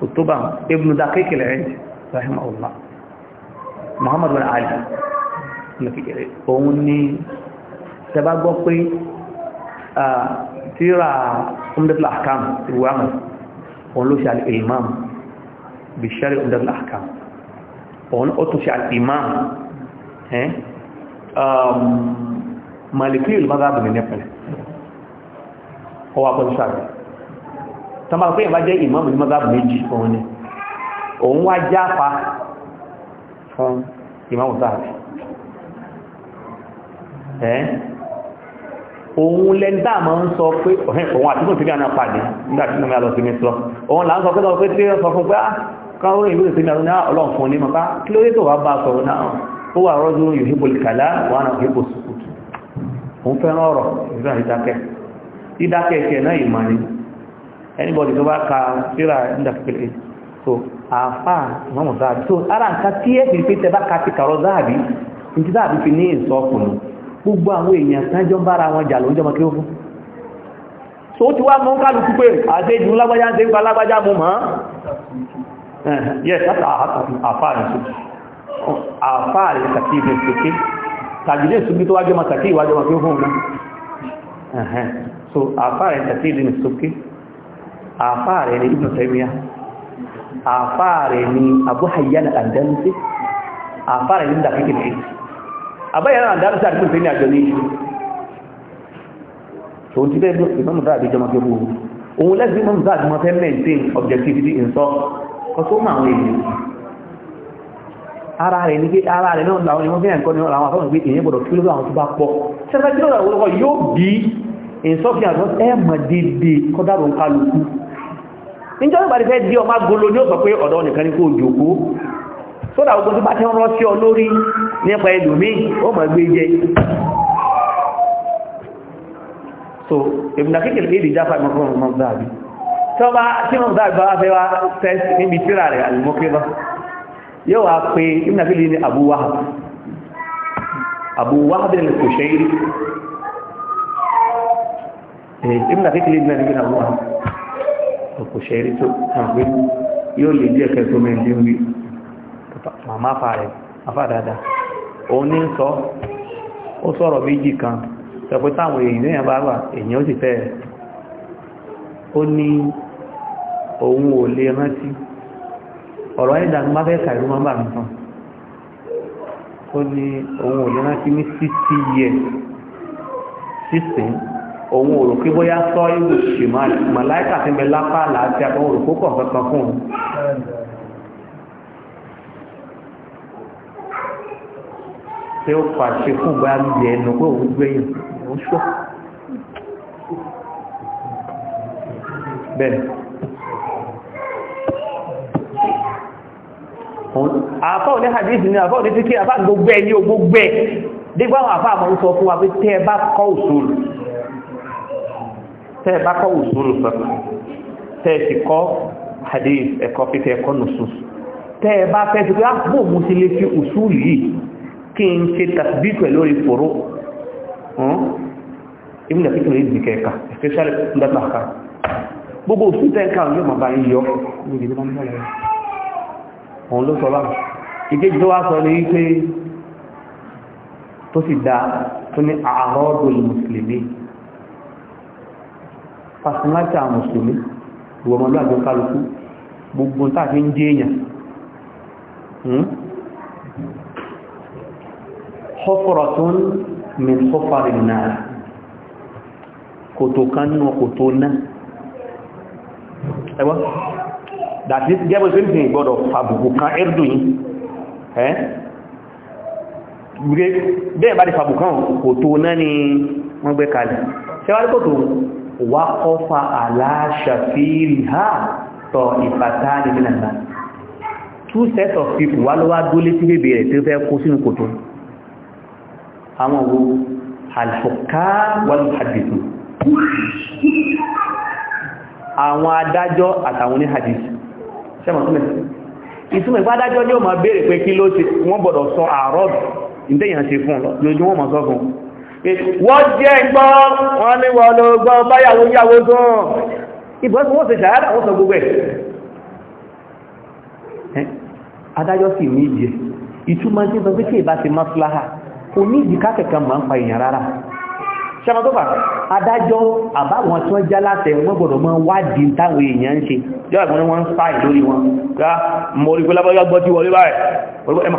kutuba ibn daqiq al-aid rahimahullah muhammad bin ali lọ́kìkẹ̀rẹ̀ òun ni tẹba gbọ́ pé tíra umdatul ahkam ìwàmù òun ló ṣe al-imam bí ṣẹ́rẹ̀ umdatul ahkam òun ó tún ṣe al-imam maliki ìlú mazhabin ní pẹ̀lẹ̀ ọwọ́ akọ́ tọ́mà pé ìbá jẹ́ ìmọ̀mù ní mọ́sáàbù méjì òun ni òun wá jáfa fún ìmọ̀mù sáàbù ẹ́ òun lẹ́ntà mọ́ ń sọ pé òun àti mọ̀ sí gáà náà pàdé nígbàtí mọ́ lọ sí mi sọ òun là ń sọ pé sọ pé tí ó sọ fún pé káwọn ìlú ìsinmi àwọn ọlọ́run fún ní mọ́pá kí ló tó náà ìmọ̀ ni anybody tó bá ka síra ìdàkùnkùn so àfà ìmọ̀mù záàbì so ara nǹkan tí ẹ fi pé tẹ́bá ka ti kàrọ záàbì ní ti záàbì fi ní ìsọ́kùn gbogbo àwọn èèyàn tánjọ́ bára wọn jà lóúnjọ́ mọ́kí ó fún so ti wá mọ́ kálùkú pé àṣejù lágbájá ń ṣe ń pa lágbájá mú mọ́ eh, yes that's àfà rẹ̀ so àfà rẹ̀ kàkí to sókè tàbílẹ̀ ìsúgbí tó wájọ́ mọ́ kàkí ìwájọ́ mọ́kí ó fún eh, eh. so àfà rẹ̀ kàkí ìfẹ́ sókè àfáà rẹ̀ ní ibn taymiya àfáà rẹ̀ ní abu hayyan al-andalusi àfáà rẹ̀ ní dakikin fi abu hayyan al-andalusi àti ibn taymiya jọ ní iṣu tó ti bẹ́ẹ̀ ló ìmọ̀ mọ̀tá àbíjọ máa kébù òun lẹ́sìn ìmọ̀ mọ̀tá àti mọ̀tá maintain objectivity in thought kọ́sọ́ mọ̀ àwọn èèyàn ara rẹ̀ ní pé ara rẹ̀ náà làwọn ìmọ̀ fẹ́yàn kọ́ ni àwọn afọ́nà pé èèyàn gbọ́dọ̀ kí ló àwọn tó bá níjọ́ yóò bá ti fẹ́ di ọmọ agolo ní ọ̀pọ̀ pé ọ̀dọ́ nìkan ní kó jòkó sódà ogun tó bá ti rán sí ọ lórí nípa ẹlòmíì ó mọ̀ gbé jẹ so ìbùnà kékeré kéde jáfà ìmọ̀kọ́ ọmọ dáàbí tó bá tí wọ́n dáàbí bá fẹ́ wá tẹ́sì níbi tíra rẹ̀ àlùmọ́kẹ́ bá yóò wá pé ìbùnà kékeré ní Abu Wahab Abu Wahab ní kò ṣe rí ìbùnà kékeré ní Abu Wahab kò ṣe rí tó àgbé yóò lè díẹ̀ kẹtó mẹ́rin dé ń wí màmá fa rẹ̀ afá dáadáa òun ní sọ ó sọ̀rọ̀ méjì kan sọpẹ́ táwọn èèyàn èèyàn bá wà èèyàn ó sì fẹ́ ó ní òun ò lè rántí ọ̀rọ̀ ẹ̀dà ń bá fẹ́ kàìrú máa bà ń tán ó ní òun ò rò pé bóyá sọ ìlú ṣì màláìkà ti bẹ lápá àlàáfíà òun rò kókò kankan fún un. ṣé ó pàṣẹ fún bá ń yẹ ẹnu pé òun gbẹ̀yìn òun ṣọ́ bẹ́ẹ̀ àfọ́ òní hadith ni àfọ́ òní fíkí àfá gbogbo ẹni ò gbogbo ẹ̀ dígbà àwọn àfá àmọ́ ń sọ fún wa pé tẹ́ ẹ bá kọ́ òṣòlù tẹ́ ẹ bá kọ́ usulu fiqh tẹ́ ẹ ti kọ́ hadith ẹ̀kọ́ fífẹ́ ẹ̀kọ́ nusus tẹ́ ẹ bá fẹ́ ti pé àpò ah, òun ti lè fi usulu yìí kí n ṣe tàbí pẹ̀lú orí fòró hmm? tó sì dá tó ní àárọ́dọ̀ mùsùlùmí personality àwọn mùsùlùmí ìwọ̀n ọmọlúwàbí kálukú gbogbo tàà fi ń jẹ́ èèyàn ọ̀fọ̀rọ̀ tó ń min sọ́fàrí náà kòtò kan náà kòtò náà ẹwọ́ dàtí gẹ́gbẹ́ tó ń fi ìgbọ́dọ̀ fàbùkù kan ẹ́rùdù kan kòtò ni wọ́n gbé kalẹ̀ ṣẹ́wàá waqafa ala shafiriha ta'ifatani minan nas two sets of people wá ló wá dólé sí bèbè rẹ̀ tí ó fẹ́ kó sínú kòtò àwọn owó alfọ̀ká wal hadithu àwọn adájọ́ àtàwọn ní hadith sẹ́mọ̀ túnmẹ̀ ìtumẹ̀ ìpá adájọ́ ní ó máa béèrè pé kí ló ti wọ́n gbọ́dọ̀ sọ àárọ̀ ìdẹ́yàn ṣe fún lójú wọ́n máa wọ́n jẹ́ gbọ́ wọ́n ní wọ́n lọ gbọ́ báyàwó yàwó gan ìbọn wọ́n ti ṣàyádà wọ́n sọ gbogbo ẹ̀ adájọ́ sì ní ìdí ìtumọ̀ tí wọ́n pé tí ìbá ti maslaha kò ní ìdí kákẹ̀kẹ́ máa ń pa èèyàn rárá ṣẹ́mọ́ tó fà adájọ́ àbáwọn tí wọ́n já láti ẹ̀wọ́n gbọ́dọ̀ mọ́ wádìí táwọn èèyàn ń ṣe yọ́ ẹ̀gbọ́n wọn ń fà ìlórí wọn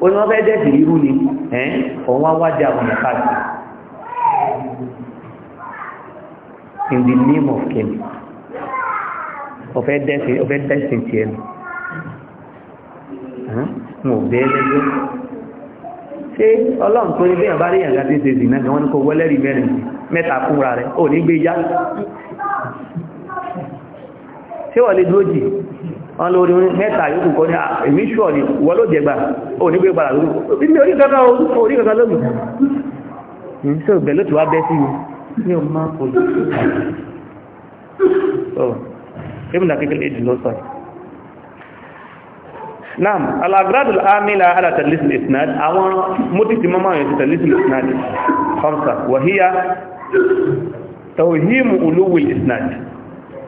ó ní wọ́n fẹ́ dẹ̀sì irú ni ẹ́n òun wá wájà ọ̀nà káàkiri in the name of king ọ̀fẹ́ dẹ̀sì ọ̀fẹ́ dẹ̀sì ti ẹnu mo bẹ́ẹ̀ lẹ́jọ́ ṣé ọlọ́run tó ní bẹ́ẹ̀ bá rí ẹ̀gá tí ṣe zìnà ni wọ́n ní kó wọ́lẹ́rì mẹ́rin mẹ́ta kúnra rẹ̀ ò ní gbé yá ṣé wọ́n lè dúró jì wọ́n lórí mẹ́ta yóò kọ́ ní ah, èmi ṣọ́ ni wọ́n ló jẹgbà onígbé gbàrà lórí ní orí kankan orí kankan lórí ní hmm, sọ ìbẹ̀ ló ti wá bẹ́ sí ní o máa kò lè sọ ìbìnà kékeré èdè ló sọ naam alagradu amila ala tadlis al-isnad àwọn motiti mama yo tadlis al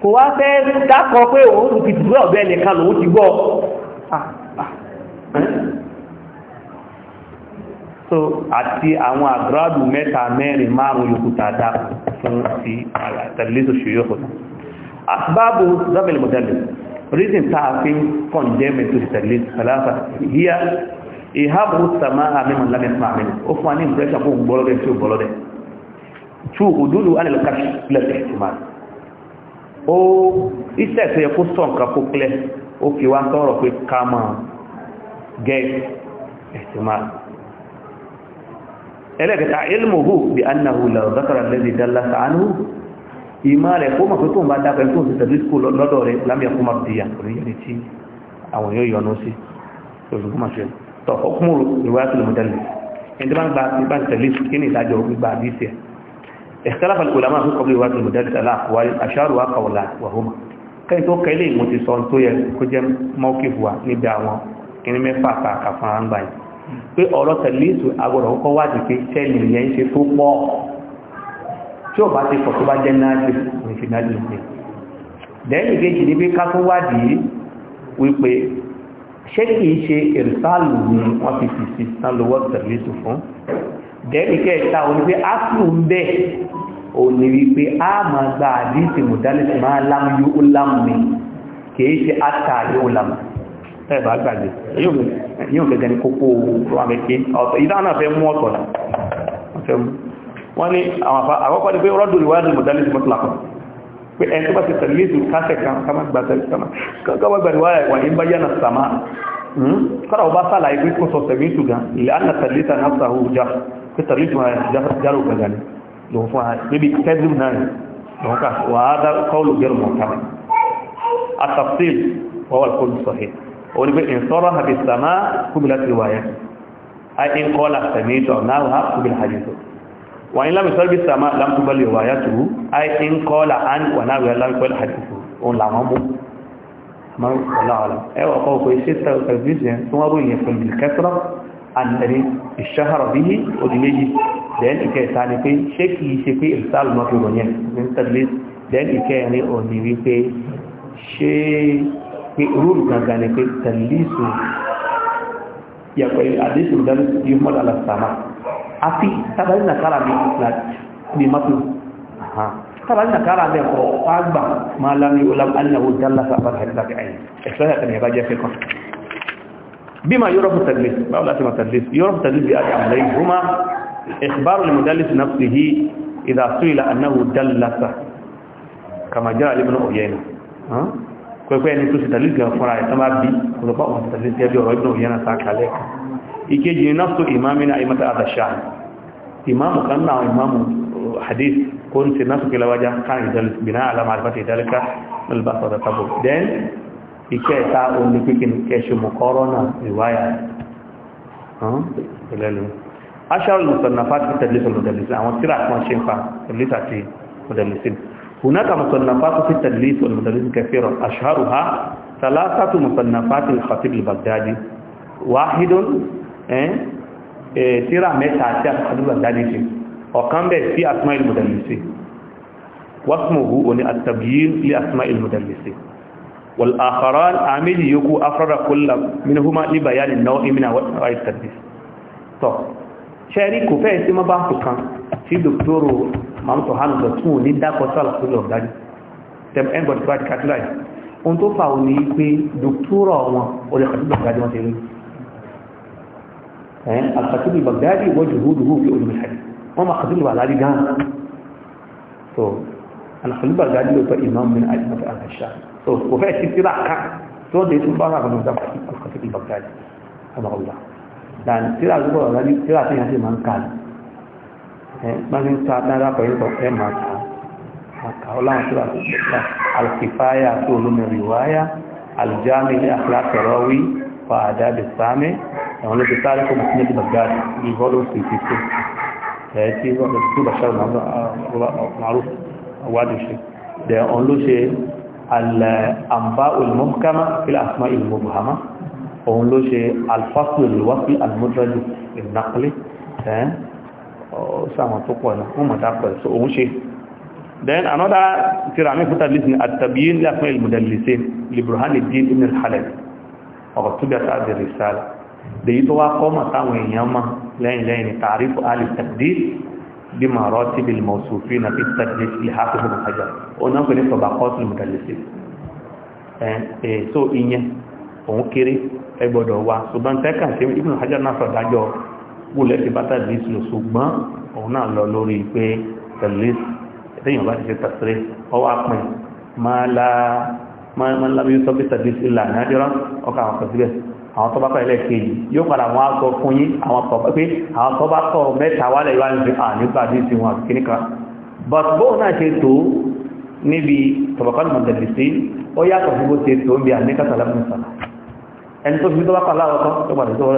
kò wá fẹ́ dákọ̀ pé òun ti dúró ọ̀bẹ nìkan lòun ti gbọ́ so àti àwọn àgbàdù mẹ́ta mẹ́rin márùn yòkúta dá fún ti àtàlẹ́sọ̀ ṣòyọ́kọ̀ta asbábò zọ́bẹ̀lì mọ̀dẹ́lì reason tá a fi ń condemn to tẹ̀lẹ́sọ̀ falafa here ìhábù sàmà àmìmọ̀ lámẹ́sàmà àmìmọ̀ ó fún wa ní impression fún gbọ́lọ́dẹ̀ tí ó gbọ́lọ́dẹ̀ two òdúlù alẹ́lẹ́kàṣì lẹ́sẹ̀ ìtìmáà ó iṣẹ́ tó yẹ kó sọ nǹkan kó clear ó fi wá sọ̀rọ̀ pé ká mọ̀ get ẹ̀tìmáà ẹlẹ́gẹ̀ta ilmuhu bí annahu la zakara lẹ́dí dalla sàánú ìmá rẹ̀ kó mọ̀ pé tó ń bá dápẹ́ tó ń fi tẹ̀lé skul lọ́dọ̀ rẹ̀ lámìyà kó mọ̀ bí yàtọ̀rí yẹni tí àwọn yóò yọnu sí olùgbọ́mọ̀ṣẹ́ tọ̀ ọkùnrin ìwádìí lọ́mọdẹ́lẹ̀ ẹni tó bá ń gba tẹ̀lé kí ni ìdájọ́ gbígbà àdíṣẹ́ اختلف العلماء في قبل وقت المدرس الأقوال أشارها قولان وهما كان تو كيلي موتي سون تو كجم موقف وا ني داوا كين مي فاتا كفان باي pé ọ̀rọ̀ tẹ̀lẹ́sù agbọ̀rọ̀ kọ́kọ́ wá di pé tẹ́lẹ̀ yẹn ṣe tó pọ̀ tí ó bá ti pọ̀ tó bá jẹ́ náàjì ìfìnàjì ìpín lẹ́yìn ìgbéjì ní pé kákún wádìí wípé ṣé kìí ṣe ìrìsáàlù ni wọ́n fi fi sí sánlọ́wọ́ tẹ̀lẹ́sù fún dẹ́ni kẹta òní pé áfù ń bẹ́ òní wípé a máa gba àdíṣì mùdálẹ́sì máa lámúyú ó lámùmí kìí ṣe áta yóò lámù ẹ̀bà gbàgbé yóò gẹ́gẹ́ ní kókó àmẹ́kẹ́ ọ̀tọ̀ ìdáná fẹ́ mú ọ̀tọ̀ wọ́n ní àkọ́kọ́ ni pé rọ́dù ìwádìí mùdálẹ́sì mọ́tò lápọ̀ pé ẹni tó bá ti tẹ̀lé ìsù kásẹ̀ kan kámá Hmm? kọ́dà ọba sálà ìgbé kó sọ sẹ̀mí tù gan ilẹ̀ anna tàlítà náà sàhó jà pé tàlítà járó gbàgbà ni lòun fún ààrẹ níbi kẹ́dùn náà lòun kà wà á dá kọ́ọ̀lù gẹ́rù mọ̀ọ́ká àtàfsíl wọ́wọ́ alkọ́lù sọ̀hẹ́ orí pé ìsọ́rọ̀ àbí sàmá kúbìlá ti wáyé ai in qala sami'tu aw nahu bil hadith wa in lam yusabbi sama lam tubali riwayatuhu ai an wa nahu lam yubal hadithu on man wala'ala ẹwà kọ́kọ́ ìṣẹ́ta kàbíṣẹ́ tó wá bóyìn fún bilkẹ́sọ́rọ̀ àtẹ̀rí ìṣẹ́hàrọ̀ bí i odìléjì dẹ́n ìkẹta ni pé ṣé kì í ṣe pé ìsáàlù mọ́ fi ròyìn ní tẹ̀lé dẹ́n ìkẹrin ò ní wípé ṣe pé rúrù gangan ni pé tẹ̀lísù yàpẹ̀ àdéṣù dẹ́n yìí mọ́ àlàsàmà àfi tábàlì nàkàrà bí i mọ́tò sábà ní àkàrà bẹ́ẹ̀ kọ́ fágbà máa lámì olam annahu jalla sábà tàbí tàbí àyìn ẹ̀sọ́yà tàbí ẹ̀bá jẹ́ fẹ́kọ́ bí ma yọ́rọ̀ fún tàbí báwọn láti ma tàbí yọ́rọ̀ fún tàbí bí a àmàlẹ́ ìgbóma ìkbárò lè mọ̀dálìsì náà fi hí ìdá sóìlà annahu jalla sa kama jẹ́ alẹ́ mọ́ òyẹ́nà pẹ́pẹ́ ẹni tó sì tàbí gan fúnra ẹ̀ sábà bí ọ̀dọ̀pá òun tàbí tẹ́bí ọ̀rọ̀ ìbìnà òyẹ́nà sá kalẹ̀ ìkejì ni náà tó ìmáàmì náà ìmọ́ta kan náà ìmáàmù hadith kó ń ti náà sókè lọ́wọ́já káàkiri bìnà alamàrífàtì ìdálẹ́ká lọ́lọ́bàtọ̀ tàbí then ìkẹta olùpíkin kẹṣù mọ̀kọ́rọ́nà ìwáyà ìlẹ́lu aṣáàrùn mùsànnàfàtì tẹ̀lẹ́sọ̀ mọ̀dẹ̀lẹ́sì àwọn tíra kan ṣe ń fa tẹ̀lẹ́sì àti mọ̀dẹ̀lẹ́sì هناك مصنفات في التدليس والمدلس كثيرة أشهرها ثلاثة مصنفات الخطيب البغدادي واحد ترى متى الخطيب البغدادي ọ̀kan bẹ̀ sí asma ilmudallisi wasmuhu oní atabiyin lé asma ilmudallisi والآخران عامل يكو أفرد كل منهما لبيان النوع من أنواع التدليس طب ṣẹ́rí kò fẹ́ sí mọ́ bá kò kan tí dòktóró mamto hanu lọ tún ní dákọ̀ sọ́lá tó lọ dájú tem ẹgbọ̀n tí wájú kàtílá yìí ohun tó fà ní pé dòktóró wọn olè kàtílá gbájú wọn ti rí ẹ̀yìn alkàtílá bagdadi wọ́n jù hù fi olùmìhàdì wọ́n máa kàtí lùbà láti gan so alàkàlùbà láti lòtọ́ imam min alimọ́tò alasha so kò fẹ́ sí síra ká tí wọ́n lè tún bá ràkùn lọ́dà pàtí kàtí lùbà láti àmàlùbà láti síra lùbà láti síra tí yàtí máa ń kà ẹ gbáni ta náírà pẹ̀lú ọ̀fẹ́ máa kà maka ọláwọn tó gbẹ̀ta alkifaya tó olómẹrin wáyà aljami ní akhlaqarawi wa adab sami àwọn olóòtú sáré kó mọ̀ ní baghdad ní volume 52 tí tó bá ṣáàrùn ma'aruf wádìí ṣe da on ló ṣe al'amfa ulmọ́kama fil asma ilmọ̀bùhama on ló ṣe alfasu ilwafi almudraju innaqli sáwọn tó pọ̀ náà wọ́n mọ̀ dápẹ̀ so òun ṣe then another tirami futa lisin at-tabyin li asma al-mudallisin li burhanuddin ibn al lẹ́yìn lẹ́yìn tààrífù alìtàdís bí ma rọ́ tí bí mọ̀sùfí na fi tàdís lè ha fífún àjá òun náà pẹ̀lú sọ̀bà kọ́sùn mọ̀tàlẹ́sì so ìyẹn òun kéré ẹgbọ́dọ̀ wa ṣùgbọ́n tẹ́kà sí ibùn àjá náà sọ dájọ́ gbólẹ̀ ti bá tàdís lò ṣùgbọ́n òun náà lọ lórí pé tàdís ẹ̀tẹ́yìn bá ti ṣe tàṣírí ọwọ́ apin máa lábí sọ fi tàdís ìlànà àjọ́rọ́ ọkà àwọn kan síbẹ̀ àwọn tọ́bá pẹ̀lẹ̀ kejì yóò padà wọ́n á sọ fún yí àwọn tọ́bá pé àwọn tọ́bá kọ̀ mẹ́ta wálẹ̀ yóò ń nígbà ní ti wọn kìníkà but bóò náà ṣe tó níbi tọ̀bọ̀kọ́lù mọ̀tẹ̀lẹ̀sí ó yàtọ̀ fún bó ṣe tó ń bí àmẹ́kàtàlámùsàlá ẹni tó fi tọ́bá pàlá ọkọ́ tó padà tó wọ́n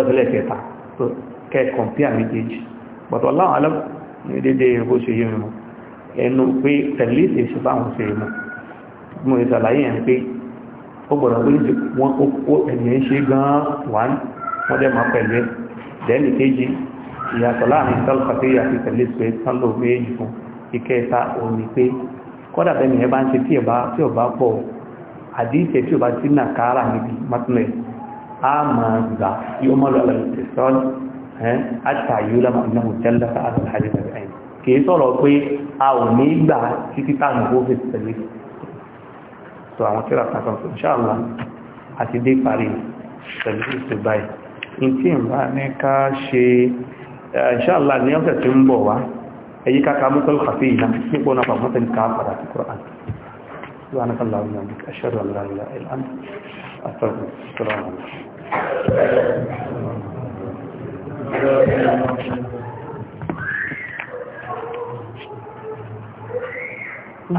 but ọláwọn alẹ́ ní dédé bó ṣe yé mi mọ́ ẹnu pé tẹ̀lé ìṣẹ́ báwọn ṣe ó gbọ́dọ̀ pé wọ́n ó ẹ̀yìn ṣe gan wà ní wọ́n dẹ̀ máa pẹ̀lú ẹ̀ dẹ́ẹ̀lì kejì ìyàtọ̀ láàrin sálùfàtẹ́yì àti tẹ̀lé pé sálò méjì fún ìkẹta òní pé kọ́dà bẹ́ẹ̀ nìyẹn bá ń ṣe tí ò bá pọ̀ àdíṣẹ́ tí ò bá sí nàkàrà níbi mọ́túnlẹ̀ a máa gbà yóò mọ́ lọ́lọ́ ìtẹ̀sọ́n àtà sọ àwọn tíra kankan sọ ṣáàlá àti dé parí pẹ̀lú ìsìn báyìí ní tí ń bá ní ká ṣe ṣáàlá eh, ní ọ̀sẹ̀ tí ń bọ̀ wá èyí káka mọ́tọ́lù kàfí ìlà nípò náà pàmọ́tẹ́ ní ká padà sí kọ́ra سبحانك اللهم السلام عليكم